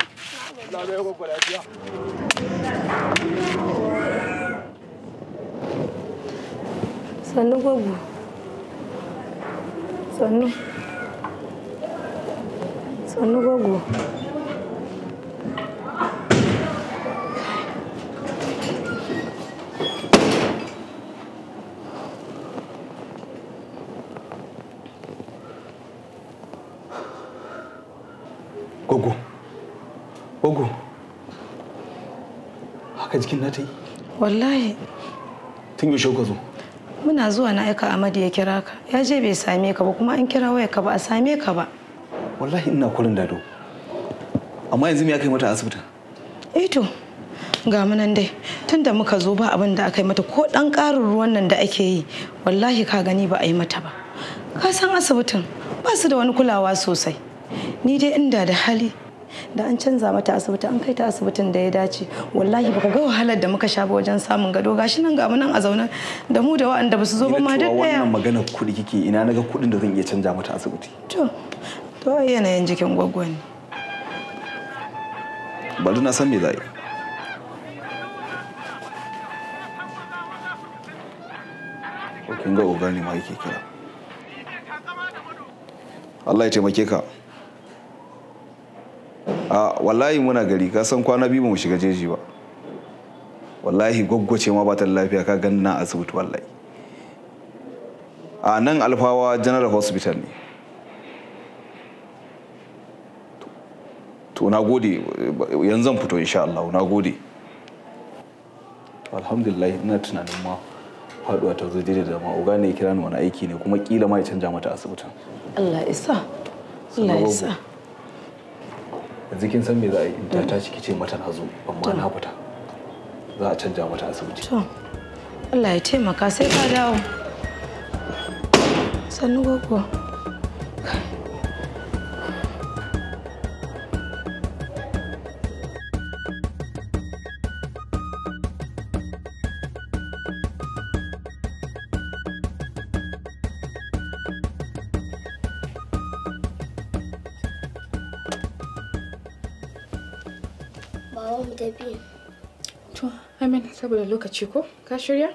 sannu gugu sannu sannu gugu jikin ta yi? Wallahi. Tun yi shauka zo? Muna zuwa na aika Amadu ya kira ka. Ya je bai same ka ba kuma an kira waya ka ba a same ka ba. Wallahi ina kurin dado. Amma yanzu me aka mata a ito eh ga mu nan dai. Tunda muka zo ba abin da aka yi mata ko dan karin ruwan nan da ake yi. Wallahi ka gani ba a yi mata ba. Ka san asibitin ba su da wani kulawa sosai. Ni dai inda da hali da an canza mata asibiti an kai ta asibitin da ya dace wallahi baka ga wahalar da muka sha ba wajen samun gado gashi nan ga munan nan a zaune da mu da wa'anda ba su zo ba ma duk daya wannan magana kudi kike ina naga kudin da zan iya canza mata asibiti to to yanayin jikin gwaggwa ne bari na san me za kin ga ogani ma yake kira Allah ya taimake ka a wallahi muna gari ka san kwana biyu mu shiga jeji ba wallahi gwaggwace ma ba ta lafiya ka gani na asibiti wallahi a nan alfawa general hospital ne to na gode yanzu zan fito insha Allah na gode alhamdulillah ina tunanin ma faduwa ta zo daidai da ma uga ne kira ni wani aiki ne kuma kila ma ya canja mata asibitin Allah isa Allah isa yanzu kin san me za a yi ta mm. tashi ki ce mata na zo amma na fita za a canja mata asibiti to Allah ya taimaka sai ka dawo sannu gogo Saboda lokaci ko? Ka shirya?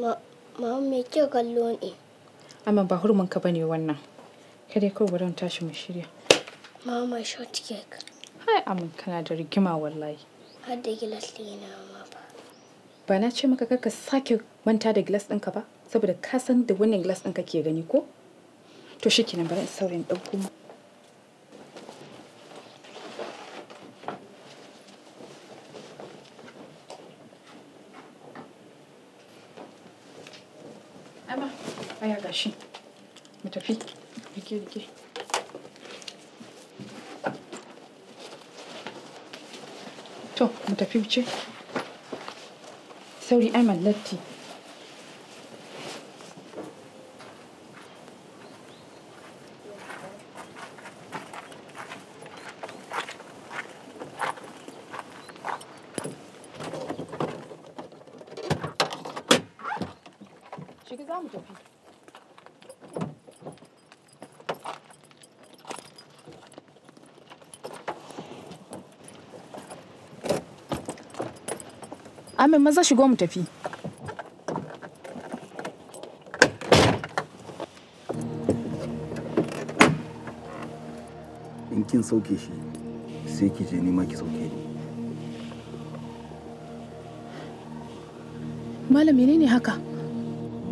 Ma, ma me kyau kallo ne. Amma ba hurumin ka bane wannan. Kada kawai bari mu tashi mu shirya. Mama shot cake. Hai amin kana da rigima wallahi. Har da gilas ɗina ma ba. Ba na ce maka kaka sake manta da gilas ɗinka ba saboda ka san da wannan gilas ɗinka ke gani ko? To shikenan bari in saurayin ɗauko mu. kaya gashi mu tafi rike rike to mu tafi wuce sauri ai mallatti Amin maza shigo mu tafi. In kin sauke shi sai ki je nima ki sauke ni. Malam menene haka?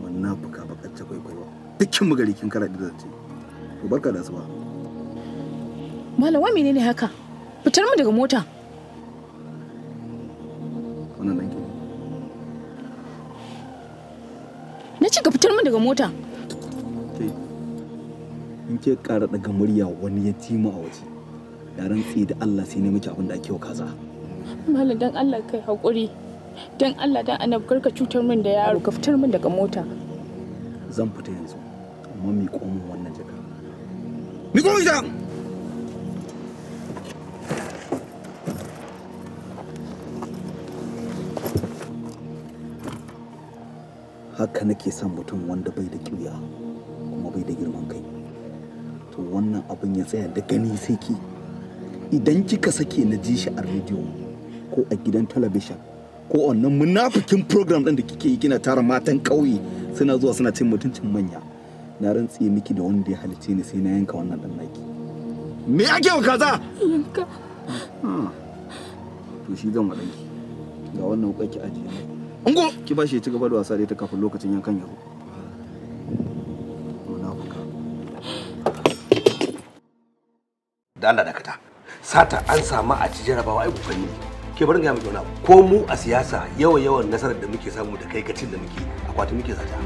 Wannan fuka bakacce kwaikwayo. Dukkin mu gari kin kara da zance. To barka da asuba. Malam wa menene haka? Fitar mu daga mota. daga mota in ke ƙara daga murya wani ya ci mu a waje da tsi da Allah sai ne muke abin da ake wa kaza malam dan Allah kai hakuri dan Allah dan annabi karka cutar min da yaro ka fitar min daga mota zan fita yanzu amma mi komo wannan jaka mi komo haka nake son mutum wanda bai da ƙiya kuma bai da girman kai to wannan abin ya tsaya da gani sai ki idan kika sake na ji shi a rediyo ko a gidan talabishin ko wannan munafikin program ɗin da kike yi kina tara matan ƙauye suna zuwa suna cin mutuncin manya na rantse miki da wanda ya halice ni sai na yanka wannan ɗan naki me ake wa kaza yanka hmm. to shi zan waɗanki ga wannan wuƙa ki ajiye Ungo! Ki bashi ya ci gaba da wasa da ita kafin lokacin yankan n'a da Allah dakata sata an samu a ci jarabawa ai kokari ne ke barin ga mu dona ko mu a siyasa yawan yawan nasarar da muke samu da kai gacin da muke akwati muke sata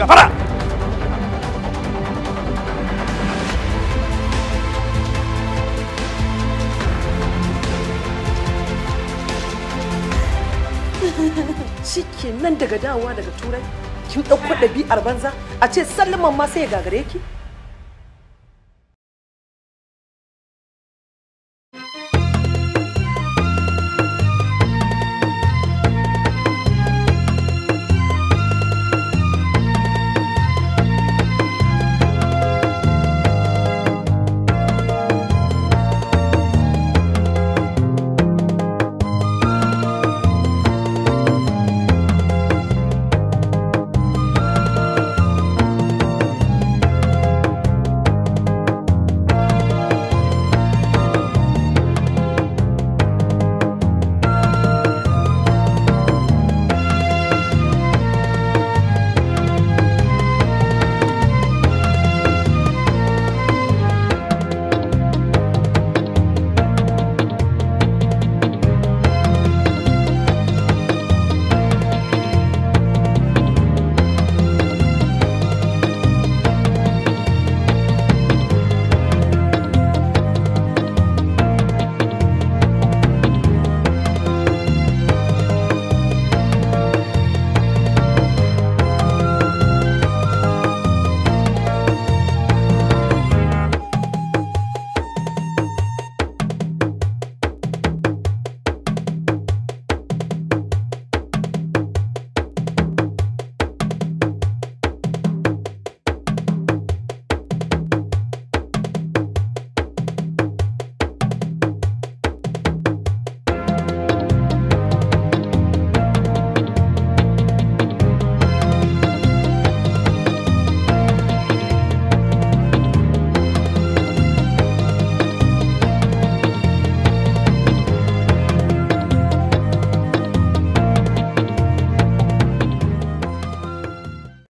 kafara. nan daga dawowa daga turai kin ɗauko ɗabi'ar banza a ce sallaman ma sai ya gagare ki